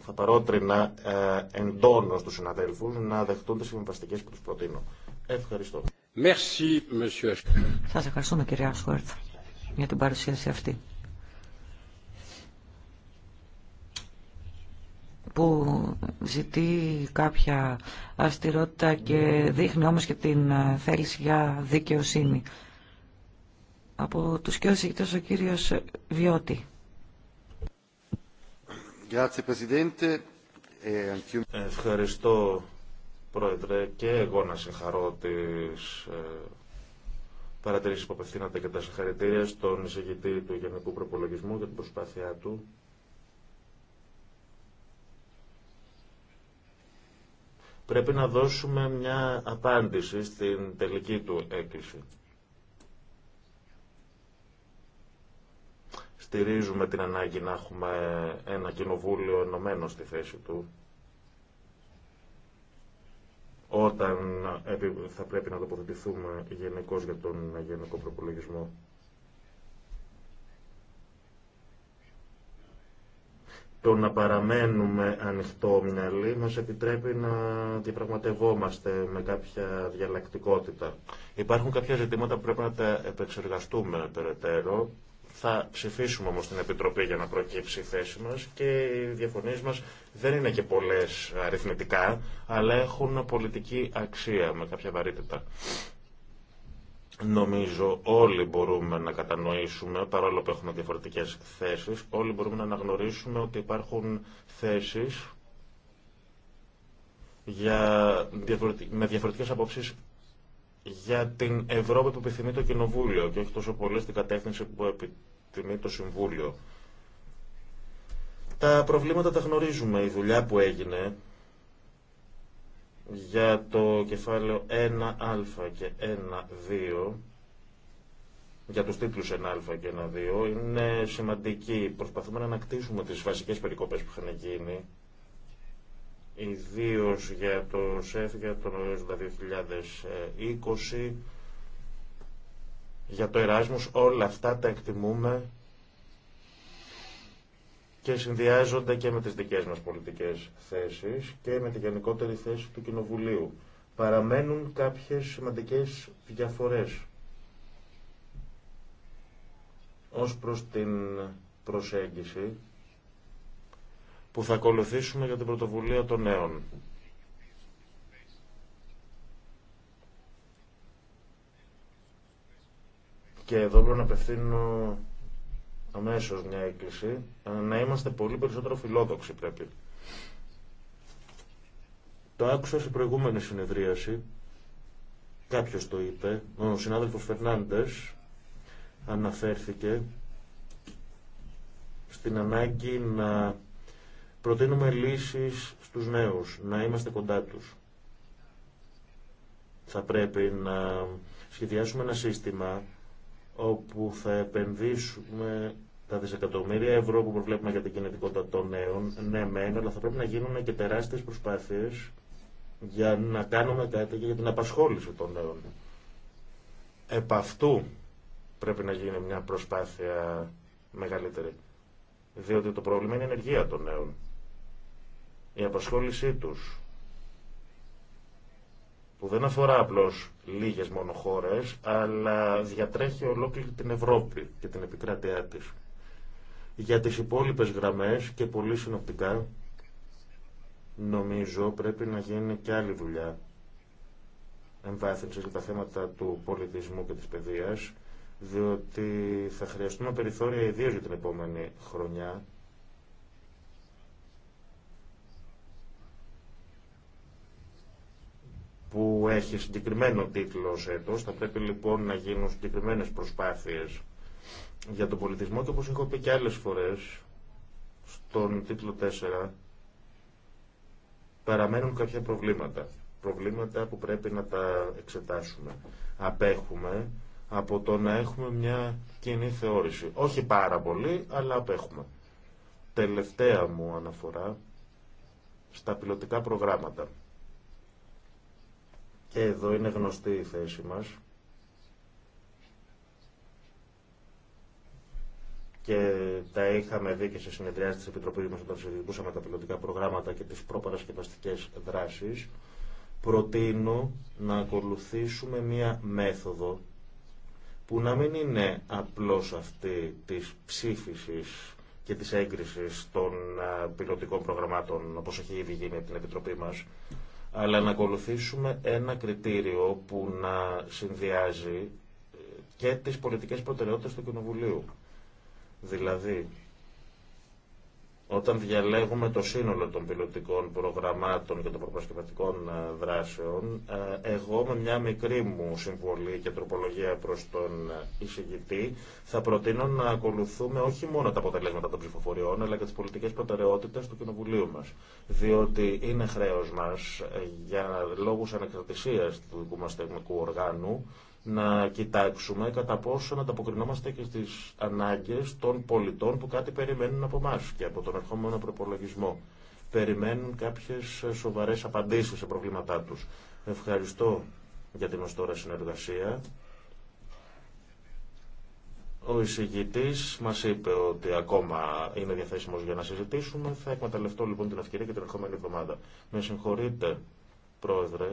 θα παρότρινα ε, εντόνω του συναδέλφου να δεχτούν τι συμβαστικέ που του προτείνω. Ευχαριστώ. Merci, Σας ευχαριστούμε, κύριε Άσχουερτ για την παρουσίαση αυτή. που ζητεί κάποια αυστηρότητα και δείχνει όμως και την ε, θέληση για δικαιοσύνη. Από τους κύριους ηγητές ο κύριος Βιώτη. Ε, Ευχαριστώ Πρόεδρε και εγώ να συγχαρώ τις ε, παρατηρήσεις που απευθύνατε και τα συγχαρητήρια στον εισηγητή του Γενικού Προπολογισμού για την προσπάθειά του Πρέπει να δώσουμε μια απάντηση στην τελική του έκκληση. Στηρίζουμε την ανάγκη να έχουμε ένα κοινοβούλιο ενωμένο στη θέση του όταν θα πρέπει να τοποθετηθούμε γενικώ για τον γενικό προπολογισμό. το να παραμένουμε ανοιχτό μυαλί μας επιτρέπει να διαπραγματευόμαστε με κάποια διαλλακτικότητα. Υπάρχουν κάποια ζητήματα που πρέπει να τα επεξεργαστούμε περαιτέρω. Θα ψηφίσουμε όμως την Επιτροπή για να προκύψει η θέση μας και οι διαφωνίες μας δεν είναι και πολλές αριθμητικά, αλλά έχουν πολιτική αξία με κάποια βαρύτητα. Νομίζω όλοι μπορούμε να κατανοήσουμε, παρόλο που έχουμε διαφορετικές θέσεις, όλοι μπορούμε να αναγνωρίσουμε ότι υπάρχουν θέσεις για, με διαφορετικές απόψεις για την Ευρώπη που επιθυμεί το Κοινοβούλιο και όχι τόσο πολύ στην κατεύθυνση που επιθυμεί το Συμβούλιο. Τα προβλήματα τα γνωρίζουμε. Η δουλειά που έγινε για το κεφάλαιο 1α και 1-2 για τους τίτλους 1α και 1-2 είναι σημαντική. Προσπαθούμε να ανακτήσουμε τις βασικές περικοπές που είχαν γίνει ιδίω για το ΣΕΦ για το 2020 για το Εράσμους όλα αυτά τα εκτιμούμε και συνδυάζονται και με τις δικές μας πολιτικές θέσεις και με τη γενικότερη θέση του Κοινοβουλίου. Παραμένουν κάποιες σημαντικές διαφορές ως προς την προσέγγιση που θα ακολουθήσουμε για την πρωτοβουλία των νέων. Και εδώ πρέπει να απευθύνω αμέσως μια έκκληση ε, να είμαστε πολύ περισσότερο φιλόδοξοι πρέπει. Το άκουσα σε προηγούμενη συνεδρίαση, κάποιος το είπε, ο συνάδελφος Φερνάντες αναφέρθηκε στην ανάγκη να προτείνουμε λύσεις στους νέους, να είμαστε κοντά τους. Θα πρέπει να σχεδιάσουμε ένα σύστημα όπου θα επενδύσουμε τα δισεκατομμύρια ευρώ που προβλέπουμε για την κινητικότητα των νέων, ναι μεν, αλλά θα πρέπει να γίνουν και τεράστιες προσπάθειες για να κάνουμε κάτι για την απασχόληση των νέων. Επ' αυτού πρέπει να γίνει μια προσπάθεια μεγαλύτερη. Διότι το πρόβλημα είναι η ενεργεία των νέων. Η απασχόλησή τους, που δεν αφορά απλώς λίγες μόνο χώρες, αλλά διατρέχει ολόκληρη την Ευρώπη και την επικράτειά της. Για τις υπόλοιπες γραμμές και πολύ συνοπτικά νομίζω πρέπει να γίνει και άλλη δουλειά εμβάθυνσης για τα θέματα του πολιτισμού και της παιδείας διότι θα χρειαστούμε περιθώρια ιδίως για την επόμενη χρονιά που έχει συγκεκριμένο τίτλο ως έτος. Θα πρέπει λοιπόν να γίνουν συγκεκριμένες προσπάθειες για τον πολιτισμό και όπως έχω πει και άλλες φορές στον τίτλο 4 παραμένουν κάποια προβλήματα. Προβλήματα που πρέπει να τα εξετάσουμε. Απέχουμε από το να έχουμε μια κοινή θεώρηση. Όχι πάρα πολύ, αλλά απέχουμε. Τελευταία μου αναφορά στα πιλωτικά προγράμματα. Και εδώ είναι γνωστή η θέση μας. και τα είχαμε δει και σε συνεδριάσει τη Επιτροπή μα όταν συζητούσαμε τα πιλωτικά προγράμματα και τι προπαρασκευαστικέ δράσει, προτείνω να ακολουθήσουμε μία μέθοδο που να μην είναι απλώς αυτή της ψήφισης και της έγκρισης των πιλωτικών προγραμμάτων, όπως έχει ήδη γίνει από την Επιτροπή μας, αλλά να ακολουθήσουμε ένα κριτήριο που να συνδυάζει ε, και τις πολιτικές προτεραιότητες του Κοινοβουλίου. Δηλαδή, όταν διαλέγουμε το σύνολο των πιλωτικών προγραμμάτων και των προπασκευαστικών ε, δράσεων, ε, εγώ με μια μικρή μου συμβολή και τροπολογία προς τον ε, εισηγητή θα προτείνω να ακολουθούμε όχι μόνο τα αποτελέσματα των ψηφοφοριών, αλλά και τις πολιτικές προτεραιότητες του Κοινοβουλίου μας. Διότι είναι χρέος μας για λόγους ανεξαρτησίας του δικού μας τεχνικού οργάνου να κοιτάξουμε κατά πόσο να ανταποκρινόμαστε και στις ανάγκες των πολιτών που κάτι περιμένουν από εμά και από τον ερχόμενο προπολογισμό. Περιμένουν κάποιες σοβαρές απαντήσεις σε προβλήματά τους. Ευχαριστώ για την ως τώρα συνεργασία. Ο εισηγητή μα είπε ότι ακόμα είναι διαθέσιμο για να συζητήσουμε. Θα εκμεταλλευτώ λοιπόν την ευκαιρία και την ερχόμενη εβδομάδα. Με συγχωρείτε, Πρόεδρε,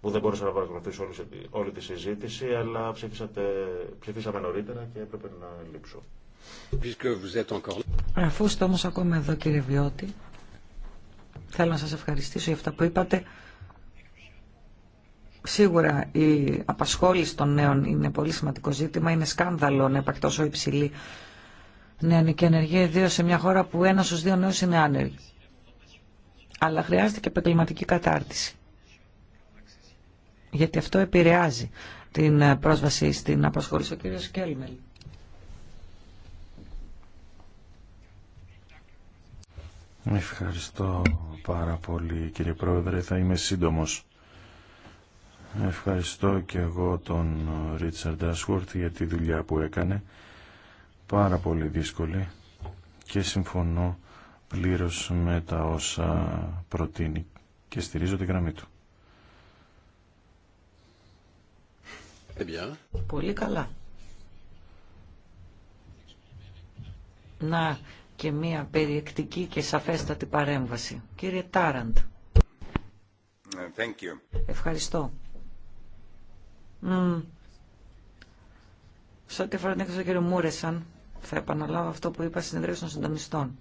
που δεν μπορούσα να παρακολουθήσω όλη, όλη τη συζήτηση, αλλά ψήφισατε, ψηφίσαμε νωρίτερα και έπρεπε να λείψω. Αφού είστε όμως ακόμα εδώ κύριε Βιώτη, θέλω να σας ευχαριστήσω για αυτά που είπατε. Σίγουρα η απασχόληση των νέων είναι πολύ σημαντικό ζήτημα. Είναι σκάνδαλο να υπάρχει τόσο υψηλή νεανική ενεργεία, ιδίω σε μια χώρα που ένα στου δύο νέου είναι άνεργοι. Αλλά χρειάζεται και επαγγελματική κατάρτιση γιατί αυτό επηρεάζει την ε, πρόσβαση στην απασχόληση. Ο κύριος Κέλμελ. Ευχαριστώ πάρα πολύ κύριε Πρόεδρε. Θα είμαι σύντομος. Ευχαριστώ και εγώ τον ε, Ρίτσαρντ Άσχουρτ για τη δουλειά που έκανε. Πάρα πολύ δύσκολη και συμφωνώ πλήρως με τα όσα προτείνει και στηρίζω τη γραμμή του. Ε, Πολύ καλά. Να και μία περιεκτική και σαφέστατη παρέμβαση. Κύριε Τάραντ. Ε, Ευχαριστώ. Σε ό,τι αφορά την έκθεση του κύριου Μούρεσαν, θα επαναλάβω αυτό που είπα στην των συντονιστών.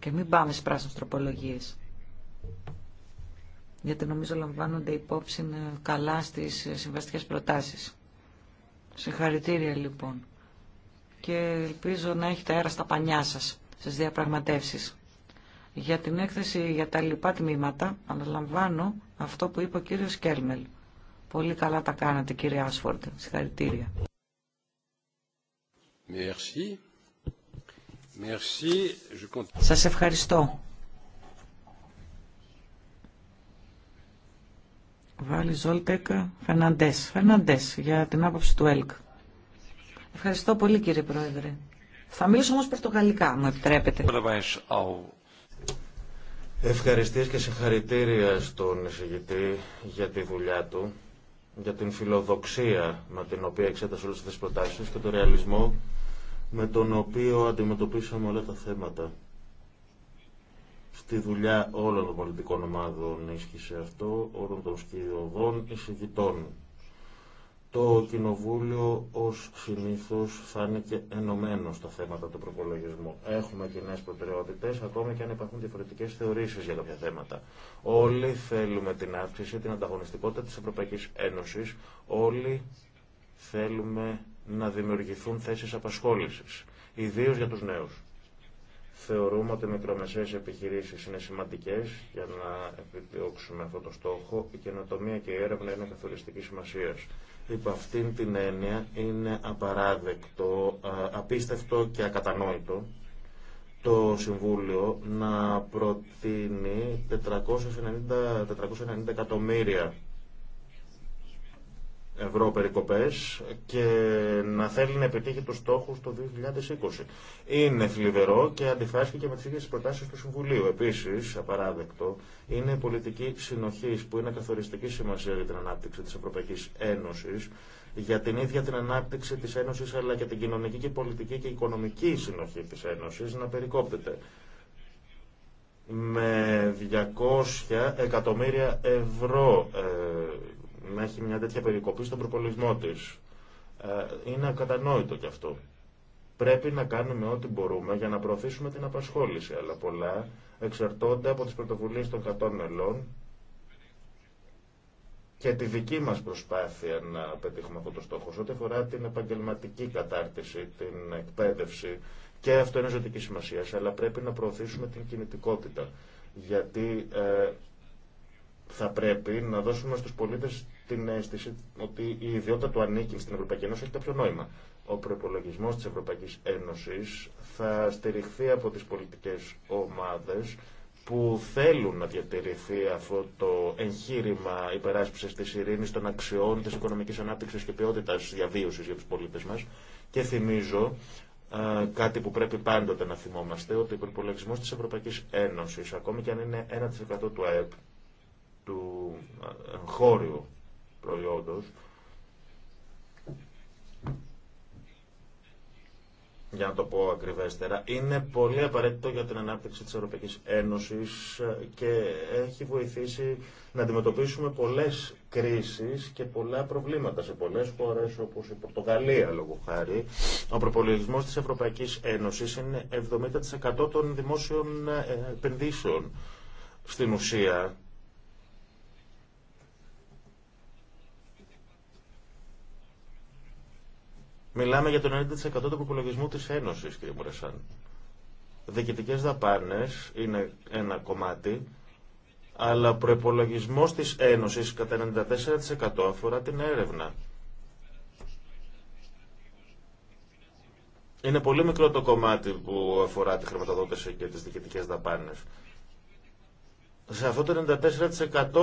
Και μην πάμε στι πράσινε τροπολογίε γιατί νομίζω λαμβάνονται υπόψη καλά στις συμβαστικές προτάσεις. Συγχαρητήρια λοιπόν και ελπίζω να έχετε αέρα στα πανιά σας στις διαπραγματεύσεις. Για την έκθεση για τα λοιπά τμήματα αναλαμβάνω αυτό που είπε ο κύριος Κέρμελ. Πολύ καλά τα κάνατε κύριε Άσφορντ. Συγχαρητήρια. Merci. Σας ευχαριστώ. Βάλει Ζόλτεκ Φερνάντε, για την άποψη του ΕΛΚ. Ευχαριστώ πολύ κύριε Πρόεδρε. Θα μιλήσω όμως πορτογαλικά, μου επιτρέπετε. Ευχαριστίες και συγχαρητήρια στον εισηγητή για τη δουλειά του, για την φιλοδοξία με την οποία εξέτασε όλες τις προτάσεις και το ρεαλισμό με τον οποίο αντιμετωπίσαμε όλα τα θέματα στη δουλειά όλων των πολιτικών ομάδων ίσχυσε αυτό, όλων των σκηριωδών εισηγητών. Το Κοινοβούλιο ως συνήθως φάνηκε ενωμένο στα θέματα του προπολογισμού. Έχουμε κοινέ προτεραιότητες, ακόμα και αν υπάρχουν διαφορετικές θεωρήσεις για κάποια θέματα. Όλοι θέλουμε την αύξηση, την ανταγωνιστικότητα της Ευρωπαϊκής Ένωσης. Όλοι θέλουμε να δημιουργηθούν θέσεις απασχόλησης, ιδίως για τους νέους. Θεωρούμε ότι οι μικρομεσαίες επιχειρήσεις είναι σημαντικές για να επιδιώξουμε αυτό το στόχο. Η καινοτομία και η έρευνα είναι καθοριστική σημασία. Υπό αυτήν την έννοια είναι απαράδεκτο, απίστευτο και ακατανόητο το Συμβούλιο να προτείνει 490, 490 εκατομμύρια ευρώ περικοπές και να θέλει να επιτύχει τους στόχους το 2020. Είναι θλιβερό και αντιφάσκει και με τις ίδιες προτάσεις του Συμβουλίου. Επίσης, απαράδεκτο, είναι η πολιτική συνοχής που είναι καθοριστική σημασία για την ανάπτυξη της Ευρωπαϊκής Ένωσης για την ίδια την ανάπτυξη της Ένωσης αλλά και την κοινωνική και πολιτική και οικονομική συνοχή της Ένωσης να περικόπτεται με 200 εκατομμύρια ευρώ ε, να έχει μια τέτοια περικοπή στον προπολογισμό τη. Ε, είναι ακατανόητο κι αυτό. Πρέπει να κάνουμε ό,τι μπορούμε για να προωθήσουμε την απασχόληση, αλλά πολλά εξαρτώνται από τις πρωτοβουλίες των κατών μελών και τη δική μας προσπάθεια να πετύχουμε αυτό το στόχο. ό,τι αφορά την επαγγελματική κατάρτιση, την εκπαίδευση, και αυτό είναι ζωτική σημασία, αλλά πρέπει να προωθήσουμε την κινητικότητα. Γιατί ε, θα πρέπει να δώσουμε στους πολίτες την αίσθηση ότι η ιδιότητα του ανήκει στην Ευρωπαϊκή Ένωση έχει κάποιο νόημα. Ο προπολογισμό τη Ευρωπαϊκή Ένωση θα στηριχθεί από τι πολιτικέ ομάδε που θέλουν να διατηρηθεί αυτό το εγχείρημα υπεράσπιση τη ειρήνη, των αξιών, τη οικονομική ανάπτυξη και ποιότητα διαβίωση για του πολίτε μα. Και θυμίζω κάτι που πρέπει πάντοτε να θυμόμαστε, ότι ο προπολογισμό τη Ευρωπαϊκή Ένωση, ακόμη και αν είναι 1% του ΑΕΠ, του χώριου προϊόντος για να το πω ακριβέστερα, είναι πολύ απαραίτητο για την ανάπτυξη της Ευρωπαϊκής Ένωσης και έχει βοηθήσει να αντιμετωπίσουμε πολλές κρίσεις και πολλά προβλήματα σε πολλές χώρες όπως η Πορτογαλία λόγω χάρη. Ο προπολογισμός της Ευρωπαϊκής Ένωσης είναι 70% των δημόσιων επενδύσεων. Στην ουσία Μιλάμε για το 90% του προπολογισμού της Ένωσης, κύριε Μουρεσάν. Διοικητικέ δαπάνες είναι ένα κομμάτι, αλλά προϋπολογισμός της Ένωσης κατά 94% αφορά την έρευνα. Είναι πολύ μικρό το κομμάτι που αφορά τη χρηματοδότηση και τις διοικητικέ δαπάνες. Σε αυτό το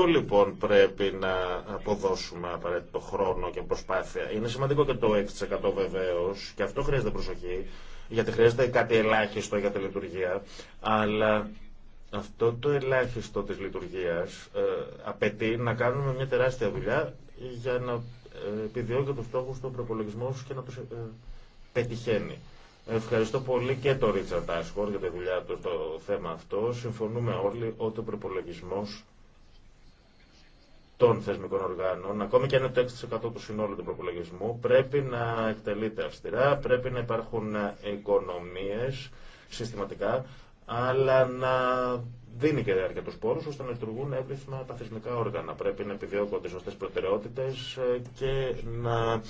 94% λοιπόν πρέπει να αποδώσουμε απαραίτητο χρόνο και προσπάθεια. Είναι σημαντικό και το 6% βεβαίω και αυτό χρειάζεται προσοχή γιατί χρειάζεται κάτι ελάχιστο για τη λειτουργία. Αλλά αυτό το ελάχιστο της λειτουργίας ε, απαιτεί να κάνουμε μια τεράστια δουλειά για να ε, επιδιώκει τους στόχους των προπολογισμών και να τους ε, πετυχαίνει. Ευχαριστώ πολύ και τον Ρίτσαρτ Άσχορ για τη δουλειά του στο θέμα αυτό. Συμφωνούμε όλοι ότι ο προπολογισμό των θεσμικών οργάνων, ακόμη και ένα 6% του συνόλου του προπολογισμού, πρέπει να εκτελείται αυστηρά, πρέπει να υπάρχουν οικονομίε συστηματικά, αλλά να δίνει και αρκετού πόρου ώστε να λειτουργούν εύρυθμα τα θεσμικά όργανα. Πρέπει να επιδιώκονται σωστέ προτεραιότητε ε, και να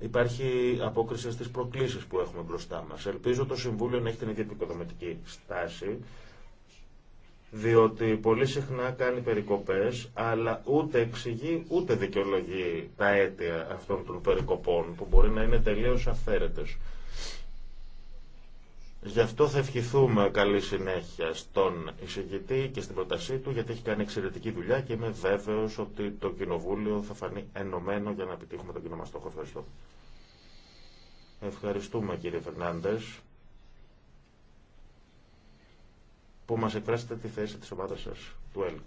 υπάρχει απόκριση στι προκλήσει που έχουμε μπροστά μα. Ελπίζω το Συμβούλιο να έχει την ίδια επικοδομητική στάση διότι πολύ συχνά κάνει περικοπές, αλλά ούτε εξηγεί ούτε δικαιολογεί τα αίτια αυτών των περικοπών, που μπορεί να είναι τελείως αφαίρετες. Γι' αυτό θα ευχηθούμε καλή συνέχεια στον εισηγητή και στην πρότασή του, γιατί έχει κάνει εξαιρετική δουλειά και είμαι βέβαιο ότι το Κοινοβούλιο θα φανεί ενωμένο για να επιτύχουμε τον κοινό μα στόχο. Ευχαριστώ. Ευχαριστούμε κύριε Φερνάντε που μα εκφράσετε τη θέση τη ομάδα σα, του ΕΛΚ.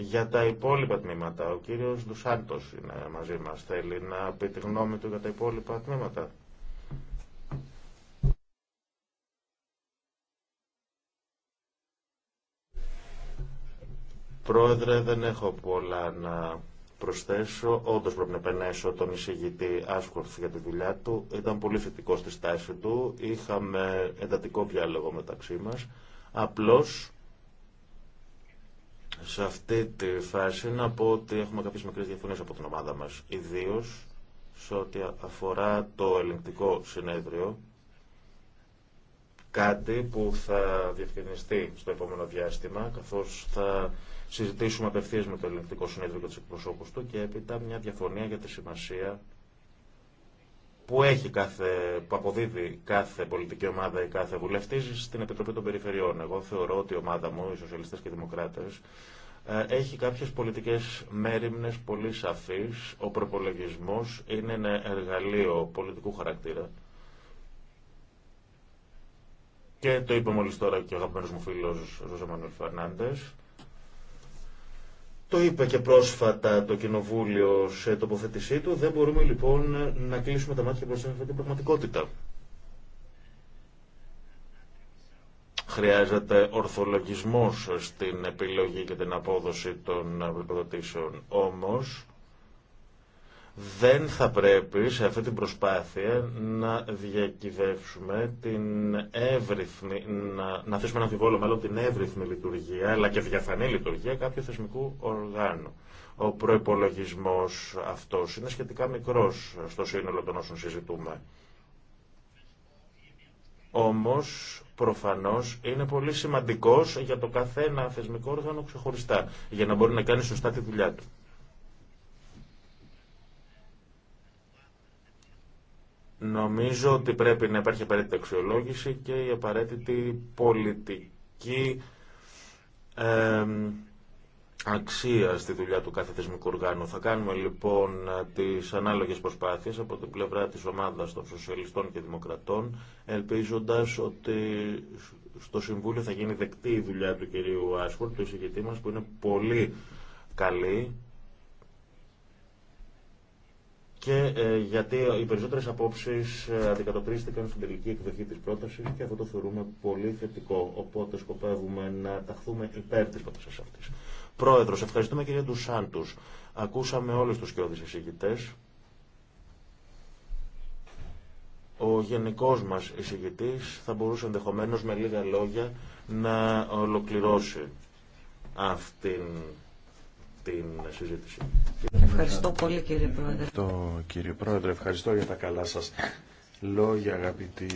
Για τα υπόλοιπα τμήματα, ο κύριος Ντουσάντος είναι μαζί μας, θέλει να πει τη γνώμη του για τα υπόλοιπα τμήματα. Πρόεδρε, δεν έχω πολλά να προσθέσω. Όντω πρέπει να επενέσω τον εισηγητή Άσκορφ για τη δουλειά του. Ήταν πολύ θετικό στη στάση του. Είχαμε εντατικό διάλογο μεταξύ μα. απλώς σε αυτή τη φάση να πω ότι έχουμε κάποιες μικρές διαφωνίες από την ομάδα μας, ιδίω σε ό,τι αφορά το ελεγκτικό συνέδριο, κάτι που θα διευκρινιστεί στο επόμενο διάστημα, καθώς θα συζητήσουμε απευθείας με το ελεγκτικό συνέδριο και τους εκπροσώπους του και έπειτα μια διαφωνία για τη σημασία που, έχει κάθε, που αποδίδει κάθε πολιτική ομάδα ή κάθε βουλευτή στην Επιτροπή των Περιφερειών. Εγώ θεωρώ ότι η ομάδα μου, οι Σοσιαλιστέ και οι Δημοκράτε, ε, έχει κάποιε πολιτικέ μέρημνε πολύ σαφεί. Ο προπολογισμό είναι ένα εργαλείο πολιτικού χαρακτήρα. Και το είπε μόλι τώρα και ο αγαπημένο μου φίλο ο Φερνάντε. Το είπε και πρόσφατα το Κοινοβούλιο σε τοποθέτησή του. Δεν μπορούμε λοιπόν να κλείσουμε τα μάτια μπροστά σε την πραγματικότητα. Χρειάζεται ορθολογισμός στην επιλογή και την απόδοση των προποδοτήσεων. Όμως, δεν θα πρέπει σε αυτή την προσπάθεια να διακυβεύσουμε την εύρυθμη, να, να θέσουμε ένα την εύρυθμη λειτουργία αλλά και διαφανή λειτουργία κάποιου θεσμικού οργάνου. Ο προπολογισμό αυτό είναι σχετικά μικρό στο σύνολο των όσων συζητούμε. Όμω προφανώς είναι πολύ σημαντικό για το καθένα θεσμικό όργανο ξεχωριστά για να μπορεί να κάνει σωστά τη δουλειά του. Νομίζω ότι πρέπει να υπάρχει απαραίτητη αξιολόγηση και η απαραίτητη πολιτική αξία στη δουλειά του κάθε θεσμικού οργάνου. Θα κάνουμε λοιπόν τις ανάλογες προσπάθειες από την πλευρά της ομάδας των σοσιαλιστών και δημοκρατών ελπίζοντας ότι στο Συμβούλιο θα γίνει δεκτή η δουλειά του κυρίου Άσφορντ, του εισηγητή μας που είναι πολύ καλή και ε, γιατί οι περισσότερες απόψεις ε, αντικατοπτρίστηκαν στην τελική εκδοχή της πρότασης και αυτό το θεωρούμε πολύ θετικό. Οπότε σκοπεύουμε να ταχθούμε υπέρ της πρότασης αυτής. Πρόεδρος, ευχαριστούμε κυρία Ντουσάντους. Ακούσαμε όλους τους σκιώδεις εισηγητές. Ο γενικός μας εισηγητής θα μπορούσε ενδεχομένως με λίγα λόγια να ολοκληρώσει αυτήν την συζήτηση. Ευχαριστώ πολύ κύριε Πρόεδρε. Το κύριε Πρόεδρε, ευχαριστώ για τα καλά σας λόγια αγαπητοί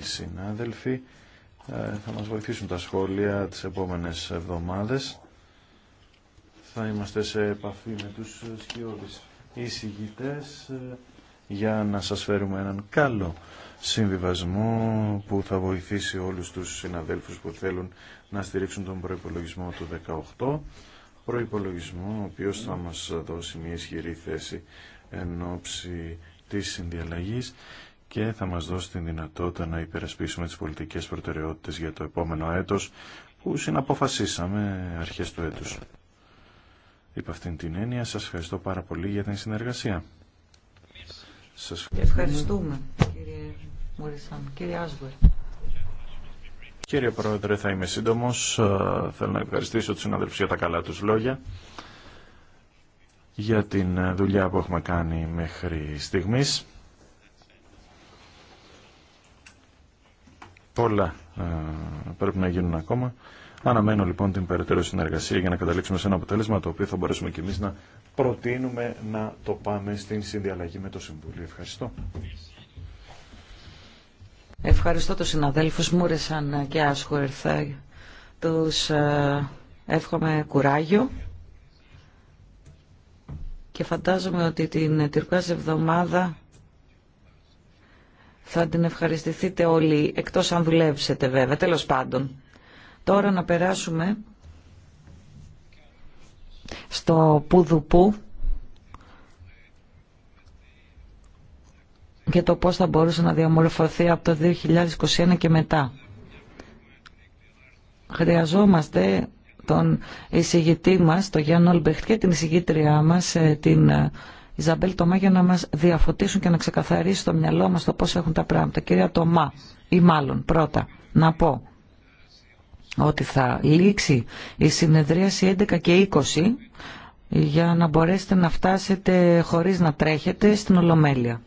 συνάδελφοι. Ε, θα μας βοηθήσουν τα σχόλια τις επόμενες εβδομάδες. Θα είμαστε σε επαφή με τους σκιώδεις εισηγητές ε, για να σας φέρουμε έναν καλό συμβιβασμό που θα βοηθήσει όλους τους συναδέλφους που θέλουν να στηρίξουν τον προϋπολογισμό του 18 προϋπολογισμό ο οποίος θα μας δώσει μια ισχυρή θέση εν ώψη της συνδιαλλαγής και θα μας δώσει την δυνατότητα να υπερασπίσουμε τις πολιτικές προτεραιότητες για το επόμενο έτος που συναποφασίσαμε αρχές του έτους. Υπ' αυτήν την έννοια σας ευχαριστώ πάρα πολύ για την συνεργασία. Σας ευχαριστούμε, ευχαριστούμε κύριε Μουρισάν. Άσβερ. Κύριε Πρόεδρε, θα είμαι σύντομο. Ε, θέλω να ευχαριστήσω του συνάδελφου για τα καλά του λόγια για την ε, δουλειά που έχουμε κάνει μέχρι στιγμής. Πολλά ε, πρέπει να γίνουν ακόμα. Αναμένω λοιπόν την περαιτέρω συνεργασία για να καταλήξουμε σε ένα αποτέλεσμα το οποίο θα μπορέσουμε και εμείς να προτείνουμε να το πάμε στην συνδιαλλαγή με το Συμβούλιο. Ευχαριστώ. Ευχαριστώ τους συναδέλφους μου, Ρεσαν και Άσχουερθ. Τους ε, εύχομαι κουράγιο και φαντάζομαι ότι την Τυρκάς εβδομάδα θα την ευχαριστηθείτε όλοι, εκτός αν δουλεύσετε βέβαια, τέλος πάντων. Τώρα να περάσουμε στο πουδουπού για το πώς θα μπορούσε να διαμορφωθεί από το 2021 και μετά. Χρειαζόμαστε τον εισηγητή μας, τον Γιάννη Ολμπεχτ και την εισηγήτριά μας, ε, την ε, Ιζαμπέλ Τομά, για να μας διαφωτίσουν και να ξεκαθαρίσουν το μυαλό μας το πώς έχουν τα πράγματα. Κυρία Τομά, ή μάλλον πρώτα, να πω ότι θα λήξει η συνεδρίαση 11 και 20 για να μπορέσετε να φτάσετε χωρίς να τρέχετε στην Ολομέλεια.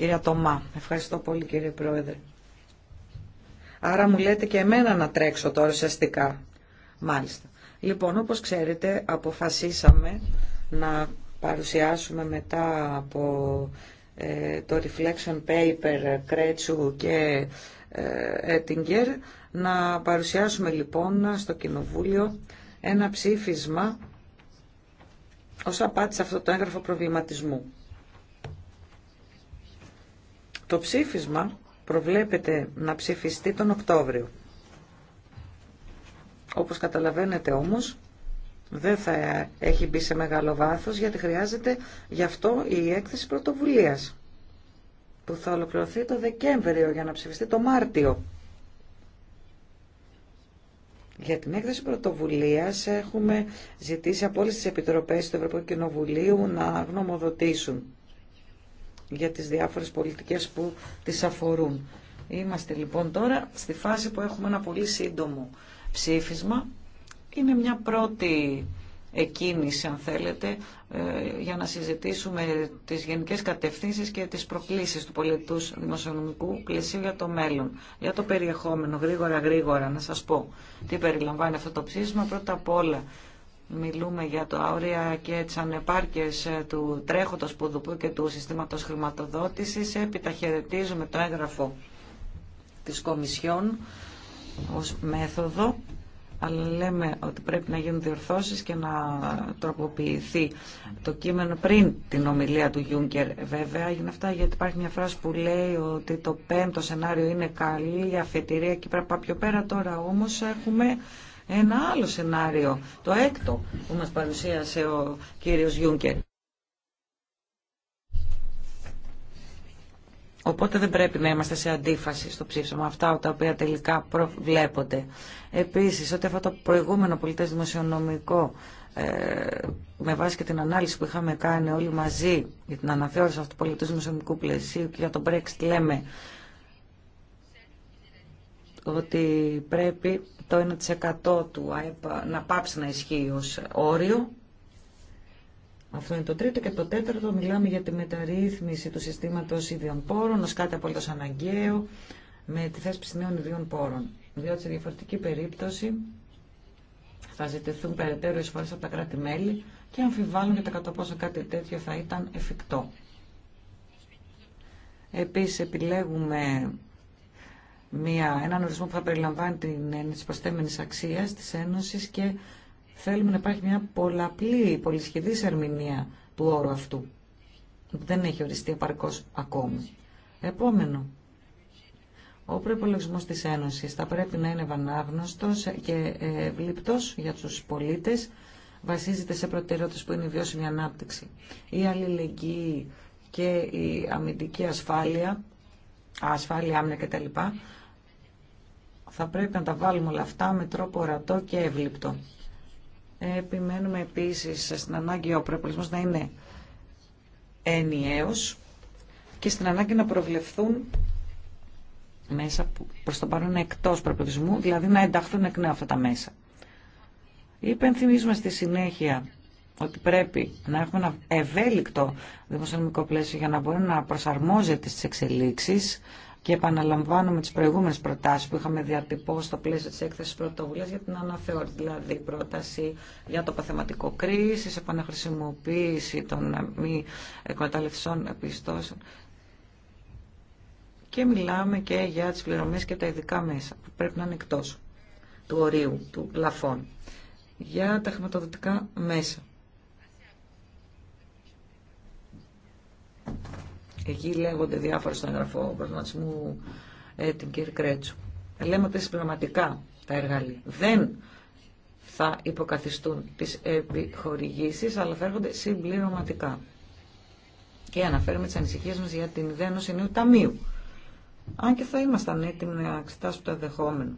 Κυρία Τομά, ευχαριστώ πολύ κύριε Πρόεδρε. Άρα μου λέτε και εμένα να τρέξω τώρα ουσιαστικά. Μάλιστα. Λοιπόν, όπως ξέρετε, αποφασίσαμε να παρουσιάσουμε μετά από ε, το Reflection Paper Κρέτσου και ε, Έτιγκερ, να παρουσιάσουμε λοιπόν στο Κοινοβούλιο ένα ψήφισμα ως απάντηση σε αυτό το έγγραφο προβληματισμού. Το ψήφισμα προβλέπεται να ψηφιστεί τον Οκτώβριο. Όπως καταλαβαίνετε όμως, δεν θα έχει μπει σε μεγάλο βάθος γιατί χρειάζεται γι' αυτό η έκθεση πρωτοβουλίας που θα ολοκληρωθεί το Δεκέμβριο για να ψηφιστεί το Μάρτιο. Για την έκθεση πρωτοβουλίας έχουμε ζητήσει από όλε τι επιτροπές του Ευρωπαϊκού Κοινοβουλίου να γνωμοδοτήσουν για τις διάφορες πολιτικές που τις αφορούν. Είμαστε λοιπόν τώρα στη φάση που έχουμε ένα πολύ σύντομο ψήφισμα. Είναι μια πρώτη εκκίνηση, αν θέλετε, ε, για να συζητήσουμε τις γενικές κατευθύνσεις και τις προκλήσεις του πολιτούς δημοσιονομικού πλαισίου για το μέλλον. Για το περιεχόμενο, γρήγορα-γρήγορα, να σας πω τι περιλαμβάνει αυτό το ψήφισμα. Πρώτα απ' όλα, Μιλούμε για το αόρια και τι ανεπάρκειες του τρέχοντος ποδοπού και του συστήματος χρηματοδότησης. Έπειτα χαιρετίζουμε το έγγραφο της Κομισιόν ως μέθοδο, αλλά λέμε ότι πρέπει να γίνουν διορθώσεις και να τροποποιηθεί το κείμενο πριν την ομιλία του Γιούγκερ. Βέβαια, έγινε αυτά γιατί υπάρχει μια φράση που λέει ότι το πέμπτο σενάριο είναι καλή, η αφετηρία και πρέπει να πάει πιο πέρα. Τώρα όμως έχουμε ένα άλλο σενάριο, το έκτο που μας παρουσίασε ο κύριος Γιούγκερ. Οπότε δεν πρέπει να είμαστε σε αντίφαση στο ψήφισμα αυτά τα οποία τελικά προβλέπονται. Επίσης, ότι αυτό το προηγούμενο πολιτές δημοσιονομικό ε, με βάση και την ανάλυση που είχαμε κάνει όλοι μαζί για την αναθεώρηση αυτού του πολιτικού δημοσιονομικού πλαισίου και για τον Brexit λέμε ότι πρέπει το 1% του ΑΕΠ να πάψει να ισχύει ως όριο. Αυτό είναι το τρίτο. Και το τέταρτο, μιλάμε για τη μεταρρύθμιση του συστήματος ιδιών πόρων ως κάτι απολύτως αναγκαίο με τη θέσπιση νέων ιδιών πόρων. Διότι σε διαφορετική περίπτωση θα ζητηθούν περαιτέρω εισφορές από τα κράτη-μέλη και αμφιβάλλουν για το κατά πόσο κάτι τέτοιο θα ήταν εφικτό. Επίσης επιλέγουμε μια, έναν ορισμό που θα περιλαμβάνει την έννοια της αξίας της Ένωσης και θέλουμε να υπάρχει μια πολλαπλή, πολυσχεδή ερμηνεία του όρου αυτού που δεν έχει οριστεί επαρκώ ακόμη. Επόμενο, ο προπολογισμό της Ένωση θα πρέπει να είναι βανάγνωστο και ευλήπτο για τους πολίτες, βασίζεται σε προτεραιότητε που είναι η βιώσιμη ανάπτυξη. Η αλληλεγγύη και η αμυντική ασφάλεια, ασφάλεια άμυνα κτλ θα πρέπει να τα βάλουμε όλα αυτά με τρόπο ορατό και εύληπτο. Επιμένουμε επίσης στην ανάγκη ο προεπολισμός να είναι ενιαίος και στην ανάγκη να προβλεφθούν μέσα που προς το παρόν εκτός προπλησμού, δηλαδή να ενταχθούν εκ νέου αυτά τα μέσα. Υπενθυμίζουμε στη συνέχεια ότι πρέπει να έχουμε ένα ευέλικτο δημοσιονομικό πλαίσιο για να μπορεί να προσαρμόζεται στις εξελίξεις, και επαναλαμβάνουμε τις προηγούμενε προτάσεις που είχαμε διατυπώσει στο πλαίσιο τη έκθεση πρωτοβουλία για την αναθεώρηση, δηλαδή πρόταση για το παθεματικό κρίση, επαναχρησιμοποίηση των ε, μη εκμεταλλευσών πιστώσεων και μιλάμε και για τις πληρωμές και τα ειδικά μέσα που πρέπει να είναι εκτό, του ορίου, του πλαφών για τα χρηματοδοτικά μέσα. Εκεί λέγονται διάφορα στον έγγραφο προγραμματισμού ε, την κύριε Κρέτσου. Λέμε ότι συμπληρωματικά τα εργαλεία δεν θα υποκαθιστούν τις επιχορηγήσεις, αλλά θα έρχονται συμπληρωματικά. Και αναφέρουμε τις ανησυχίες μας για την δένωση νέου ταμείου. Αν και θα ήμασταν έτοιμοι να εξετάσουμε το ενδεχόμενο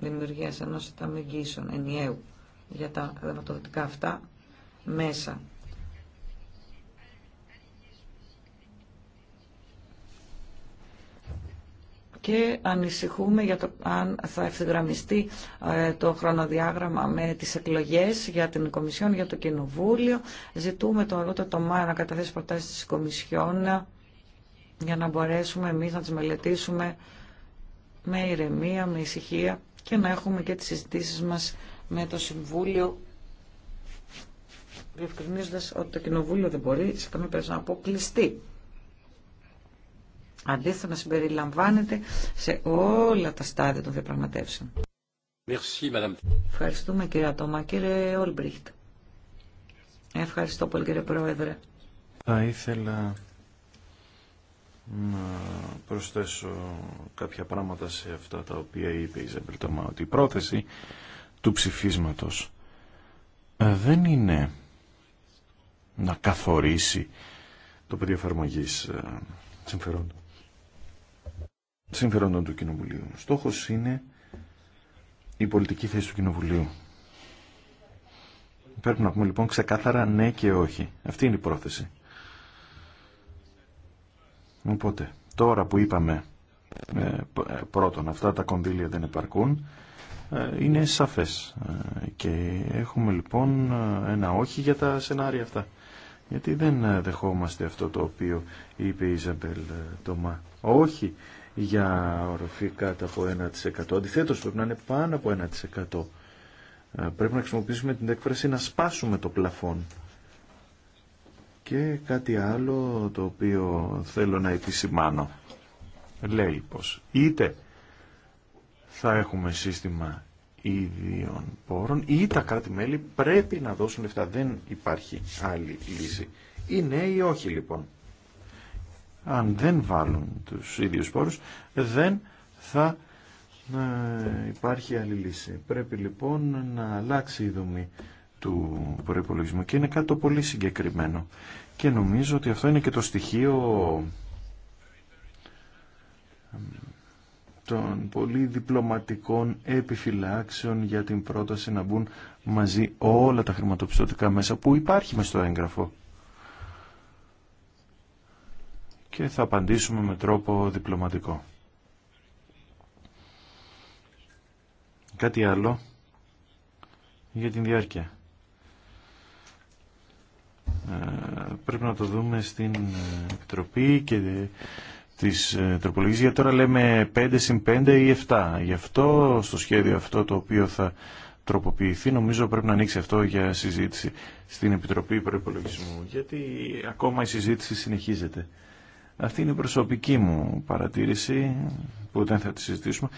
δημιουργία ενό ταμείου εγγύσεων ενιαίου για τα δεματοδοτικά αυτά μέσα και ανησυχούμε για το αν θα ευθυγραμμιστεί ε, το χρονοδιάγραμμα με τις εκλογές για την Κομισιόν, για το Κοινοβούλιο. Ζητούμε τον αργότερο το Μάιο να καταθέσει προτάσεις της Κομισιόν για να μπορέσουμε εμείς να τις μελετήσουμε με ηρεμία, με ησυχία και να έχουμε και τις συζητήσεις μας με το Συμβούλιο διευκρινίζοντας ότι το Κοινοβούλιο δεν μπορεί σε καμία περίπτωση να αποκλειστεί αντίθετα να συμπεριλαμβάνεται σε όλα τα στάδια των διαπραγματεύσεων. Merci, Ευχαριστούμε κύριε Ατόμα. Κύριε Όλμπριχτ. Ευχαριστώ πολύ κύριε Πρόεδρε. Θα ήθελα να προσθέσω κάποια πράγματα σε αυτά τα οποία είπε η Τόμα, ότι η πρόθεση του ψηφίσματος ε, δεν είναι να καθορίσει το πεδίο εφαρμογή ε, συμφερόντων συμφερόντων του Κοινοβουλίου. Στόχος είναι η πολιτική θέση του Κοινοβουλίου. Πρέπει να πούμε λοιπόν ξεκάθαρα ναι και όχι. Αυτή είναι η πρόθεση. Οπότε, τώρα που είπαμε ε, ε, πρώτον αυτά τα κονδύλια δεν επαρκούν, ε, είναι σαφές. Και έχουμε λοιπόν ένα όχι για τα σενάρια αυτά. Γιατί δεν δεχόμαστε αυτό το οποίο είπε η Ιζαμπέλ Τωμά. Όχι για οροφή κάτω από 1%. Αντιθέτω, πρέπει να είναι πάνω από 1%. Ε, πρέπει να χρησιμοποιήσουμε την έκφραση να σπάσουμε το πλαφόν. Και κάτι άλλο το οποίο θέλω να επισημάνω. Λέει πως είτε θα έχουμε σύστημα ίδιων πόρων ή τα κράτη-μέλη πρέπει να δώσουν λεφτά. Δεν υπάρχει άλλη λύση. Είναι ή όχι λοιπόν αν δεν βάλουν τους ίδιους πόρους δεν θα ε, υπάρχει άλλη λύση. Πρέπει λοιπόν να αλλάξει η δομή του προϋπολογισμού και είναι κάτι το πολύ συγκεκριμένο. Και νομίζω ότι αυτό είναι και το στοιχείο ε, των πολύ διπλωματικών επιφυλάξεων για την πρόταση να μπουν μαζί όλα τα χρηματοπιστωτικά μέσα που υπάρχει μες στο έγγραφο. και θα απαντήσουμε με τρόπο διπλωματικό. Κάτι άλλο για την διάρκεια. Ε, πρέπει να το δούμε στην Επιτροπή και της ε, Τροπολογής. Για τώρα λέμε 5 συν 5 ή 7. Γι' αυτό στο σχέδιο αυτό το οποίο θα τροποποιηθεί νομίζω πρέπει να ανοίξει αυτό για συζήτηση στην Επιτροπή Προϋπολογισμού. Γιατί ακόμα η συζήτηση συνεχίζεται. Αυτή είναι η προσωπική μου παρατήρηση που δεν θα τη συζητήσουμε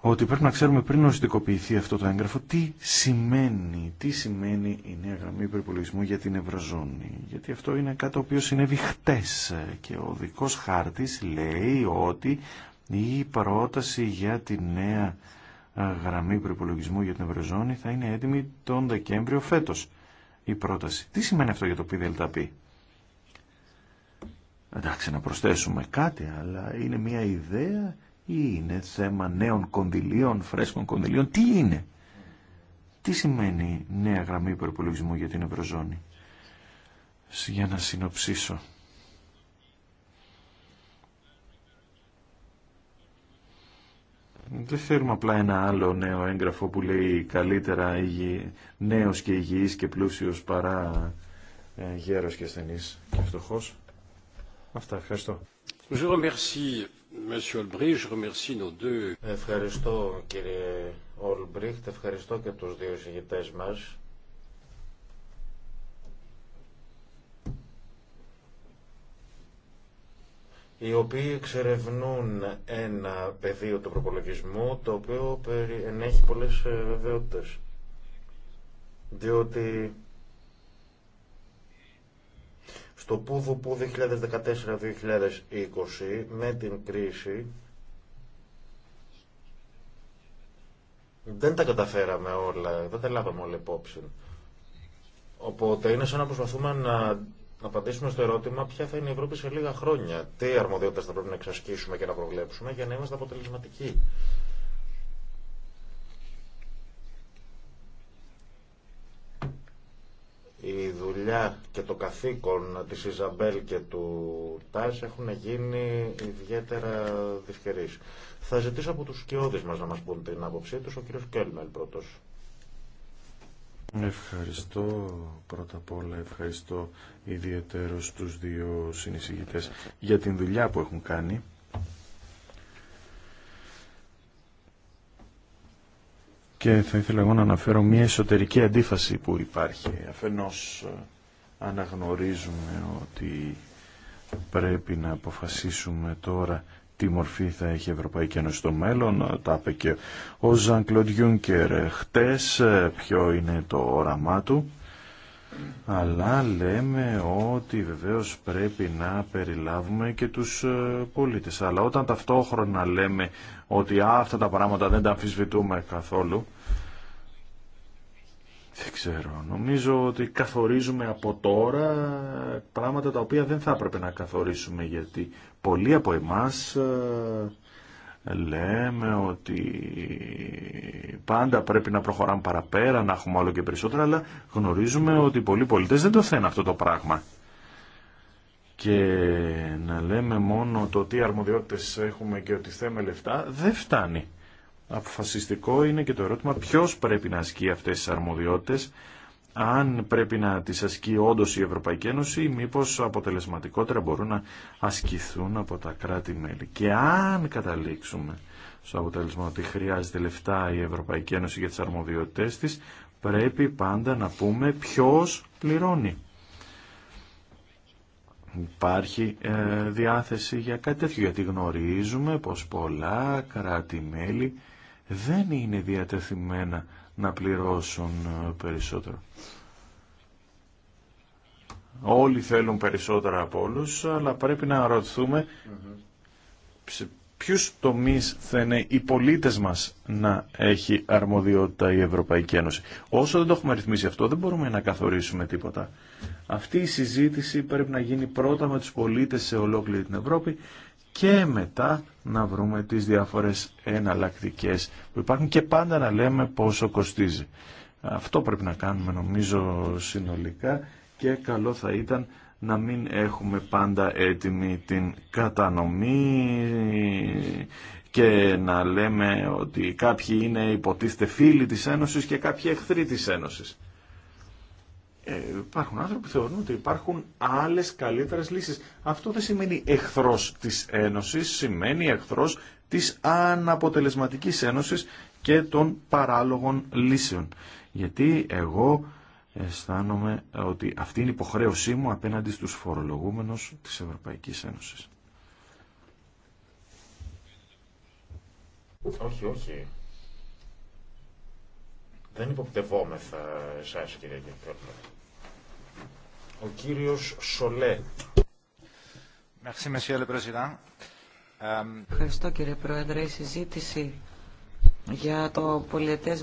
ότι πρέπει να ξέρουμε πριν οριστικοποιηθεί αυτό το έγγραφο τι σημαίνει, τι σημαίνει η νέα γραμμή υπερπολογισμού για την Ευρωζώνη. Γιατί αυτό είναι κάτι το οποίο συνέβη χτες και ο δικός χάρτης λέει ότι η πρόταση για τη νέα γραμμή προπολογισμού για την Ευρωζώνη θα είναι έτοιμη τον Δεκέμβριο φέτος η πρόταση. Τι σημαίνει αυτό για το ΠΙΔΕΛΤΑΠΗ εντάξει να προσθέσουμε κάτι, αλλά είναι μια ιδέα ή είναι θέμα νέων κονδυλίων, φρέσκων κονδυλίων, τι είναι. Τι σημαίνει νέα γραμμή υπερπολογισμού για την Ευρωζώνη. Για να συνοψίσω. Δεν θέλουμε απλά ένα άλλο νέο έγγραφο που λέει καλύτερα υγι... νέος και υγιής και πλούσιος παρά ε, γέρος και ασθενής και φτωχός. Αυτά, ευχαριστώ. Ευχαριστώ κύριε Ολμπριχτ, ευχαριστώ και τους δύο συγγητές μας. οι οποίοι εξερευνούν ένα πεδίο του προπολογισμού το οποίο ενέχει πολλές ε, βεβαιότητες. Διότι στο Πουδουπού 2014-2020 με την κρίση δεν τα καταφέραμε όλα, δεν τα λάβαμε όλα υπόψη. Οπότε είναι σαν να προσπαθούμε να απαντήσουμε στο ερώτημα ποια θα είναι η Ευρώπη σε λίγα χρόνια. Τι αρμοδιότητες θα πρέπει να εξασκήσουμε και να προβλέψουμε για να είμαστε αποτελεσματικοί δουλειά και το καθήκον της Ιζαμπέλ και του Τάς έχουν γίνει ιδιαίτερα δυσκερείς. Θα ζητήσω από τους σκιώδεις μας να μας πούν την άποψή τους, ο κύριος Κέλμελ πρώτος. Ευχαριστώ πρώτα απ' όλα, ευχαριστώ ιδιαίτερο τους δύο συνεισηγητές για την δουλειά που έχουν κάνει και θα ήθελα εγώ να αναφέρω μια εσωτερική αντίφαση που υπάρχει. Αφενός ε, αναγνωρίζουμε ότι πρέπει να αποφασίσουμε τώρα τι μορφή θα έχει η Ευρωπαϊκή Ένωση στο μέλλον. Ε, τα είπε και ο Ζαν Κλοντ ε, χτες, ποιο είναι το όραμά του αλλά λέμε ότι βεβαίως πρέπει να περιλάβουμε και τους ε, πολίτες. Αλλά όταν ταυτόχρονα λέμε ότι αυτά τα πράγματα δεν τα αμφισβητούμε καθόλου, δεν ξέρω. Νομίζω ότι καθορίζουμε από τώρα πράγματα τα οποία δεν θα έπρεπε να καθορίσουμε γιατί πολλοί από εμάς ε, λέμε ότι πάντα πρέπει να προχωράμε παραπέρα, να έχουμε όλο και περισσότερα, αλλά γνωρίζουμε ότι πολλοί πολίτες δεν το θέλουν αυτό το πράγμα. Και να λέμε μόνο το τι αρμοδιότητες έχουμε και ότι θέμε λεφτά, δεν φτάνει. Αποφασιστικό είναι και το ερώτημα ποιος πρέπει να ασκεί αυτές τις αρμοδιότητες αν πρέπει να τις ασκεί όντως η Ευρωπαϊκή Ένωση ή μήπως αποτελεσματικότερα μπορούν να ασκηθούν από τα κράτη-μέλη. Και αν καταλήξουμε στο αποτέλεσμα ότι χρειάζεται λεφτά η Ευρωπαϊκή Ένωση για τις αρμοδιότητές της, πρέπει πάντα να πούμε ποιος πληρώνει. Υπάρχει ε, διάθεση για κάτι τέτοιο, γιατί γνωρίζουμε πως πολλά κράτη-μέλη δεν είναι διατεθειμένα να πληρώσουν ε, περισσότερο. Όλοι θέλουν περισσότερα από όλου, αλλά πρέπει να ρωτηθούμε σε ποιου τομεί θα οι πολίτες μας να έχει αρμοδιότητα η Ευρωπαϊκή Ένωση. Όσο δεν το έχουμε ρυθμίσει αυτό, δεν μπορούμε να καθορίσουμε τίποτα. Αυτή η συζήτηση πρέπει να γίνει πρώτα με τους πολίτες σε ολόκληρη την Ευρώπη και μετά να βρούμε τις διάφορες εναλλακτικέ που υπάρχουν και πάντα να λέμε πόσο κοστίζει. Αυτό πρέπει να κάνουμε νομίζω συνολικά και καλό θα ήταν να μην έχουμε πάντα έτοιμη την κατανομή και να λέμε ότι κάποιοι είναι υποτίθεται φίλοι της Ένωσης και κάποιοι εχθροί της Ένωσης ε, υπάρχουν άνθρωποι που θεωρούν ότι υπάρχουν άλλε καλύτερε λύσεις. Αυτό δεν σημαίνει εχθρός της Ένωσης, σημαίνει εχθρός της αναποτελεσματικής Ένωσης και των παράλογων λύσεων. Γιατί εγώ αισθάνομαι ότι αυτή είναι η υποχρέωσή μου απέναντι στους φορολογούμενους της Ευρωπαϊκής Ένωση. Όχι, όχι. Δεν υποπτευόμεθα εσάς, κυρία ο κύριος Σολέ. Ευχαριστώ κύριε Πρόεδρε. Η συζήτηση για το πολιετές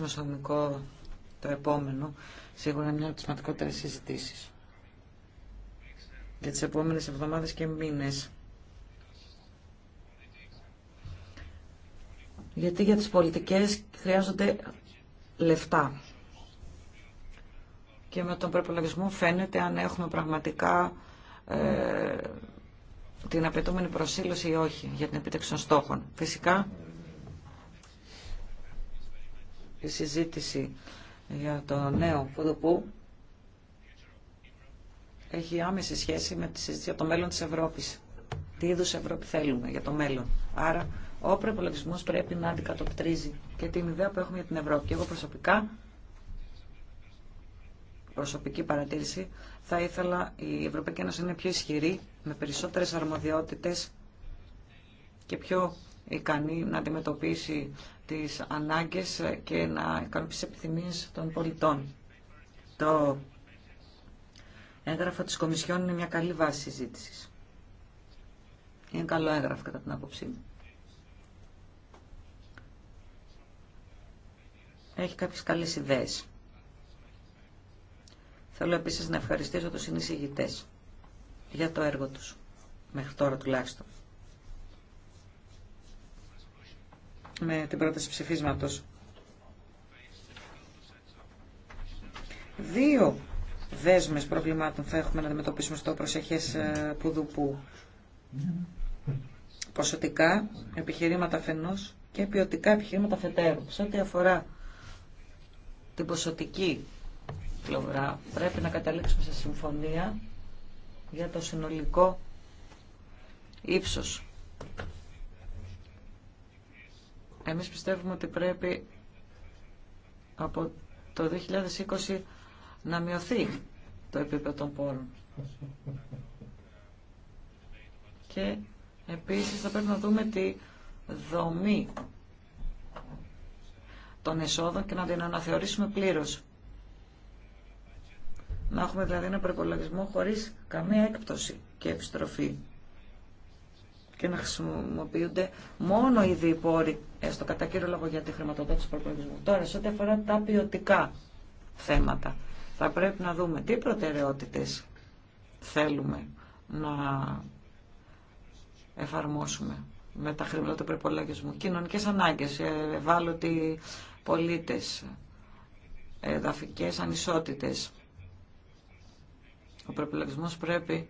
το επόμενο σίγουρα είναι μια από τις σημαντικότερες συζητήσεις για τις επόμενες εβδομάδες και μήνες. Γιατί για τις πολιτικές χρειάζονται λεφτά και με τον προπολογισμό φαίνεται αν έχουμε πραγματικά ε, την απαιτούμενη προσήλωση ή όχι για την επίτευξη των στόχων. Φυσικά, η συζήτηση για το νέο πουδουπού έχει άμεση σχέση με τη συζήτηση για το μέλλον της Ευρώπης. Τι είδου Ευρώπη θέλουμε για το μέλλον. Άρα, ο προπολογισμό πρέπει να αντικατοπτρίζει και την ιδέα που έχουμε για την Ευρώπη. Και εγώ προσωπικά προσωπική παρατήρηση, θα ήθελα η Ευρωπαϊκή Ένωση να είναι πιο ισχυρή, με περισσότερες αρμοδιότητες και πιο ικανή να αντιμετωπίσει τις ανάγκες και να ικανοποιήσει τις επιθυμίες των πολιτών. Το έγγραφο της Κομισιόν είναι μια καλή βάση συζήτηση. Είναι καλό έγγραφο κατά την άποψή μου. Έχει κάποιες καλές ιδέες. Θέλω επίσης να ευχαριστήσω τους συνεισηγητές για το έργο τους, μέχρι τώρα τουλάχιστον. Με την πρόταση ψηφίσματος. Δύο δέσμες προβλημάτων θα έχουμε να αντιμετωπίσουμε στο προσεχές ε, πουδουπού. Ποσοτικά επιχειρήματα φενός και ποιοτικά επιχειρήματα φετέρου. Σε ό,τι αφορά την ποσοτική Πρέπει να καταλήξουμε σε συμφωνία για το συνολικό ύψος. Εμείς πιστεύουμε ότι πρέπει από το 2020 να μειωθεί το επίπεδο των πόρων. Και επίσης θα πρέπει να δούμε τη δομή των εσόδων και να την αναθεωρήσουμε πλήρως. Να έχουμε δηλαδή ένα προπολογισμό χωρίς καμία έκπτωση και επιστροφή και να χρησιμοποιούνται μόνο οι διπόροι, στο κατά κύριο λόγο για τη χρηματοδότηση του προπολογισμού. Τώρα, σε ό,τι αφορά τα ποιοτικά θέματα, θα πρέπει να δούμε τι προτεραιότητες θέλουμε να εφαρμόσουμε με τα χρήματα του προπολογισμού. Κοινωνικέ ανάγκε, ε, ευάλωτοι πολίτε, εδαφικές ανισότητες, ο προπολογισμό πρέπει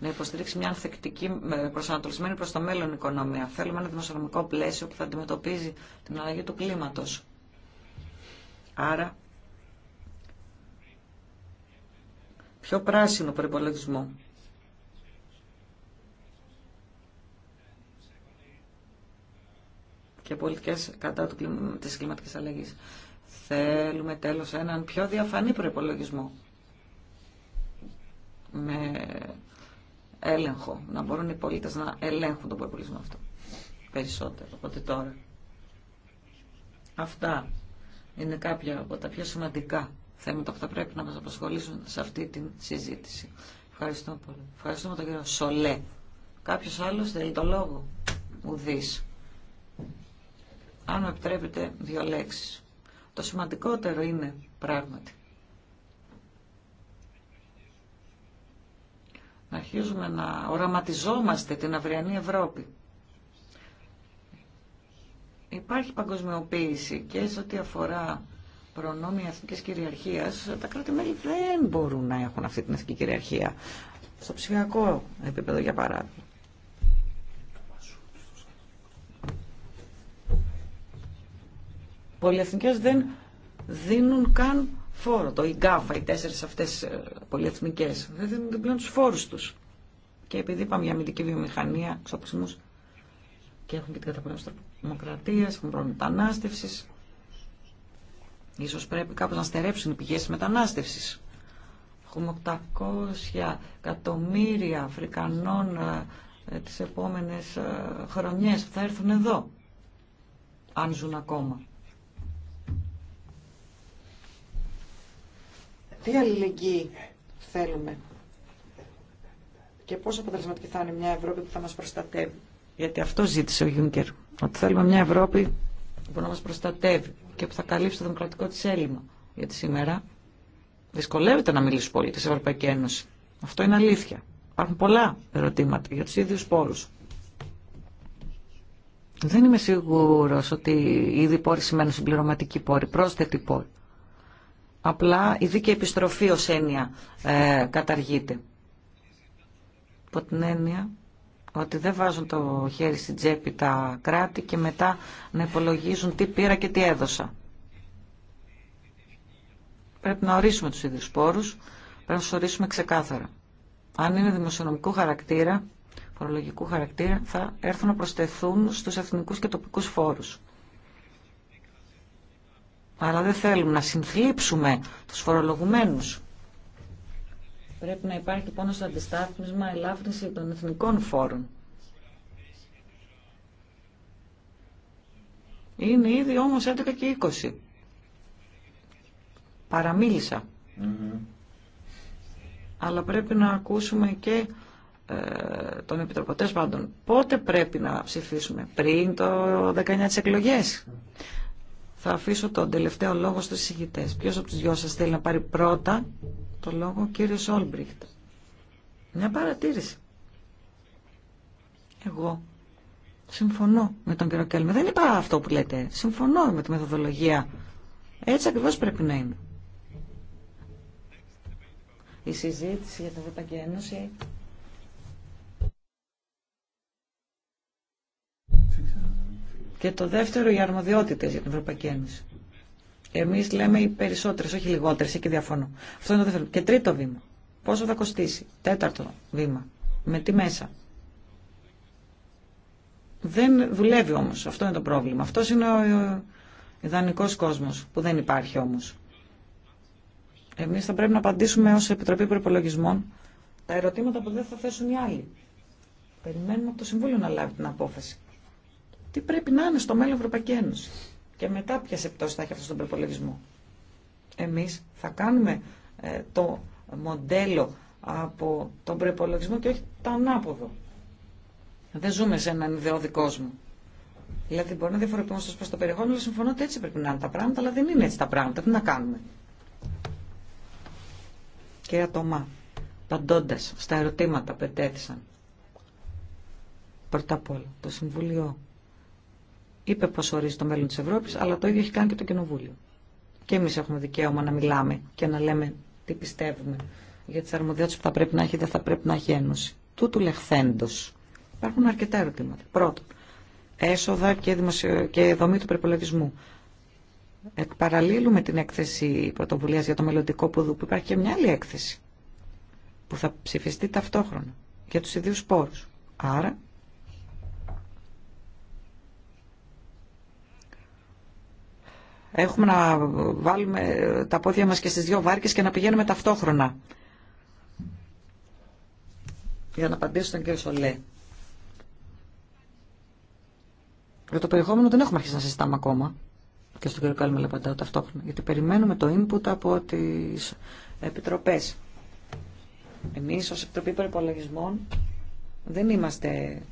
να υποστηρίξει μια ανθεκτική ε, προσανατολισμένη προ το μέλλον οικονομία. Θέλουμε ένα δημοσιονομικό πλαίσιο που θα αντιμετωπίζει την αλλαγή του κλίματο. Άρα, πιο πράσινο προπολογισμό. και πολιτικέ κατά τη κλιματική αλλαγή. Θέλουμε τέλος έναν πιο διαφανή προπολογισμό με έλεγχο, να μπορούν οι πολίτες να ελέγχουν τον πολιτισμό αυτό περισσότερο από ότι τώρα. Αυτά είναι κάποια από τα πιο σημαντικά θέματα που θα πρέπει να μας απασχολήσουν σε αυτή τη συζήτηση. Ευχαριστώ πολύ. Ευχαριστούμε τον κύριο Σολέ. Κάποιος άλλος θέλει το λόγο. Ουδής. Αν με επιτρέπετε δύο λέξεις. Το σημαντικότερο είναι πράγματι να αρχίζουμε να οραματιζόμαστε την αυριανή Ευρώπη. Υπάρχει παγκοσμιοποίηση και σε ό,τι αφορά προνόμια εθνικής κυριαρχίας, τα κράτη-μέλη δεν μπορούν να έχουν αυτή την εθνική κυριαρχία. Στο ψηφιακό επίπεδο, για παράδειγμα. Πολυεθνικές δεν δίνουν καν φόρο, το ΙΚΑΦΑ, οι τέσσερις αυτές ε, πολυεθνικές. Δεν δίνουν πλέον τους φόρους τους. Και επειδή είπαμε για αμυντική βιομηχανία, εξοπλισμούς και έχουν και την καταπολέμηση δημοκρατίας, έχουν πρόβλημα μετανάστευσης. Ίσως πρέπει κάπως να στερέψουν οι πηγές τη μετανάστευσης. Έχουμε 800 εκατομμύρια Αφρικανών ε, ε, τις επόμενες χρονιές που θα έρθουν εδώ, αν ζουν ακόμα. Τι αλληλεγγύη θέλουμε και πόσο αποτελεσματική θα είναι μια Ευρώπη που θα μας προστατεύει. Γιατί αυτό ζήτησε ο Γιούνκερ, ότι θέλουμε μια Ευρώπη που να μας προστατεύει και που θα καλύψει το δημοκρατικό της έλλειμμα. Γιατί σήμερα δυσκολεύεται να μιλήσει πολύ της Ευρωπαϊκή Ένωση. Αυτό είναι αλήθεια. Υπάρχουν πολλά ερωτήματα για τους ίδιους πόρους. Δεν είμαι σίγουρος ότι οι ίδιοι πόροι σημαίνουν συμπληρωματικοί πόροι, πρόσθετοι πόροι. Απλά η δίκαιη επιστροφή ως έννοια ε, καταργείται. Υπό την έννοια ότι δεν βάζουν το χέρι στην τσέπη τα κράτη και μετά να υπολογίζουν τι πήρα και τι έδωσα. Πρέπει να ορίσουμε τους ίδιους πόρους, πρέπει να τους ορίσουμε ξεκάθαρα. Αν είναι δημοσιονομικού χαρακτήρα, φορολογικού χαρακτήρα, θα έρθουν να προσθεθούν στους εθνικούς και τοπικούς φόρους αλλά δεν θέλουμε να συνθλίψουμε τους φορολογουμένους. Πρέπει να υπάρχει πόνο λοιπόν στο αντιστάθμισμα ελάφρυνση των εθνικών φόρων. Είναι ήδη όμως 11 και 20. Παραμίλησα. Αλλά πρέπει να ακούσουμε και ε, τον Επιτροποτές πάντων. Πότε πρέπει να ψηφίσουμε. Πριν το 19 τις εκλογές. Θα αφήσω τον τελευταίο λόγο στους συγητές. Ποιος από τους δυο σας θέλει να πάρει πρώτα το λόγο, ο κύριος Όλμπριχτ. Μια παρατήρηση. Εγώ συμφωνώ με τον κύριο Κέλμε. Δεν είπα αυτό που λέτε. Συμφωνώ με τη μεθοδολογία. Έτσι ακριβώς πρέπει να είναι. Η συζήτηση για την Ευρωπαϊκή Ένωση Και το δεύτερο, οι αρμοδιότητες για την Ευρωπαϊκή Ένωση. Εμείς λέμε οι περισσότερε, όχι λιγότερε εκεί διαφωνώ. Αυτό είναι το δεύτερο. Και τρίτο βήμα. Πόσο θα κοστίσει. Τέταρτο βήμα. Με τι μέσα. Δεν δουλεύει όμω, Αυτό είναι το πρόβλημα. Αυτό είναι ο ιδανικό κόσμο που δεν υπάρχει όμω. Εμεί θα πρέπει να απαντήσουμε ω Επιτροπή Προπολογισμών τα ερωτήματα που δεν θα θέσουν οι άλλοι. Περιμένουμε από το Συμβούλιο να λάβει την απόφαση τι πρέπει να είναι στο μέλλον Ευρωπαϊκή Ένωση. Και μετά ποιες επιπτώσεις θα έχει αυτό στον προπολογισμό. Εμείς θα κάνουμε ε, το μοντέλο από τον προπολογισμό και όχι το ανάποδο. Δεν ζούμε σε έναν ιδεώδη κόσμο. Δηλαδή μπορεί να διαφοροποιούμαστε στο το περιεχόμενο, αλλά συμφωνώ ότι έτσι πρέπει να είναι τα πράγματα, αλλά δεν είναι έτσι τα πράγματα. Τι να κάνουμε. Και άτομα παντώντα στα ερωτήματα που ετέθησαν, πρώτα απ' όλα το Συμβουλίο είπε πως ορίζει το μέλλον της Ευρώπης, αλλά το ίδιο έχει κάνει και το Κοινοβούλιο. Και εμείς έχουμε δικαίωμα να μιλάμε και να λέμε τι πιστεύουμε για τις αρμοδιότητες που θα πρέπει να έχει ή δεν θα πρέπει να έχει ένωση. Τούτου λεχθέντος. Υπάρχουν αρκετά ερωτήματα. Πρώτον, έσοδα και, δημοσιο... και δομή του προπολογισμού. Εκ την έκθεση πρωτοβουλία για το μελλοντικό ποδού, που υπάρχει και μια άλλη έκθεση που θα ψηφιστεί ταυτόχρονα για τους ίδιου πόρους. Άρα έχουμε να βάλουμε τα πόδια μας και στις δύο βάρκες και να πηγαίνουμε ταυτόχρονα. Για να απαντήσω στον κύριο Σολέ. Για το περιεχόμενο δεν έχουμε αρχίσει να συζητάμε ακόμα. Και στον κύριο Κάλμελ απαντάω ταυτόχρονα. Γιατί περιμένουμε το input από τις επιτροπές. Εμείς ως Επιτροπή Περιπολογισμών δεν είμαστε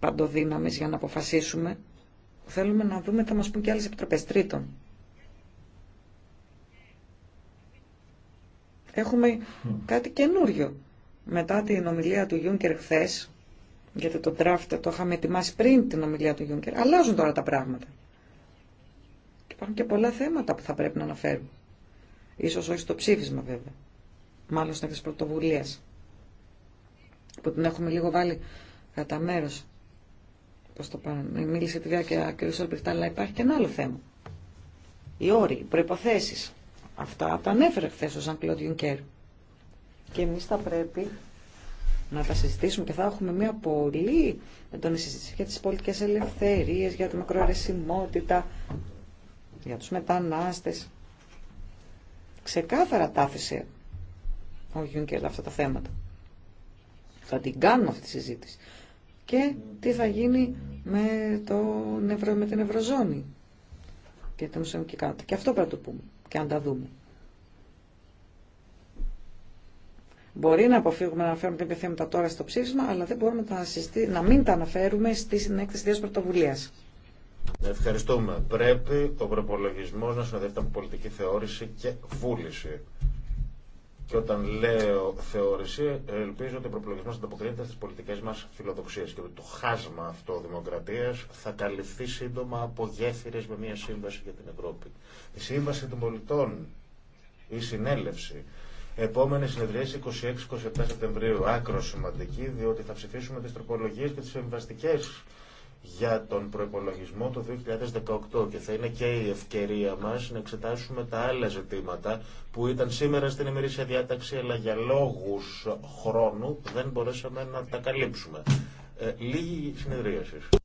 παντοδύναμες για να αποφασίσουμε Θέλουμε να δούμε, θα μας πούν και άλλες επιτροπές. Τρίτον, έχουμε κάτι καινούριο. Μετά την ομιλία του Γιούνκερ χθε, γιατί το draft το είχαμε ετοιμάσει πριν την ομιλία του Γιούνκερ, αλλάζουν τώρα τα πράγματα. Και υπάρχουν και πολλά θέματα που θα πρέπει να αναφέρουμε. Ίσως όχι στο ψήφισμα βέβαια. Μάλλον στην πρωτοβουλίες. πρωτοβουλία. Που την έχουμε λίγο βάλει κατά μέρο πώ το Μίλησε τη διάρκεια κ. Σόλμπριχτ, αλλά υπάρχει και ένα άλλο θέμα. Οι όροι, οι προποθέσει. Αυτά τα ανέφερε χθε ο Ζαν Κλοντ Ιουνκέρ. Και εμεί θα πρέπει να τα συζητήσουμε και θα έχουμε μια πολύ έντονη συζήτηση για τι πολιτικέ ελευθερίε, για τη μακροαρεσιμότητα, για του μετανάστε. Ξεκάθαρα άφησε ο Γιούνκερ αυτά τα θέματα. Θα την κάνουμε αυτή τη συζήτηση και τι θα γίνει με, το, με την Ευρωζώνη και την ουσιανική κάτω. Και αυτό πρέπει να το πούμε και αν τα δούμε. Μπορεί να αποφύγουμε να αναφέρουμε την επιθέματα τώρα στο ψήφισμα, αλλά δεν μπορούμε να, συστή, να μην τα αναφέρουμε στη συνέκτηση τη πρωτοβουλία. Ευχαριστούμε. Πρέπει ο προπολογισμό να συνοδεύεται από πολιτική θεώρηση και βούληση. Και όταν λέω θεώρηση, ελπίζω ότι ο προπολογισμό ανταποκρίνεται στι πολιτικέ μα φιλοδοξίε και ότι το χάσμα αυτό δημοκρατία θα καλυφθεί σύντομα από γέφυρε με μια σύμβαση για την Ευρώπη. Η σύμβαση των πολιτών, η συνέλευση. Επόμενη συνεδρίαση 26-27 Σεπτεμβρίου. Άκρο σημαντική, διότι θα ψηφίσουμε τι τροπολογίε και τι συμβαστικέ για τον προπολογισμό το 2018 και θα είναι και η ευκαιρία μας να εξετάσουμε τα άλλα ζητήματα που ήταν σήμερα στην ημερήσια διάταξη αλλά για λόγους χρόνου δεν μπορέσαμε να τα καλύψουμε. Ε, λίγη συνεδρίαση.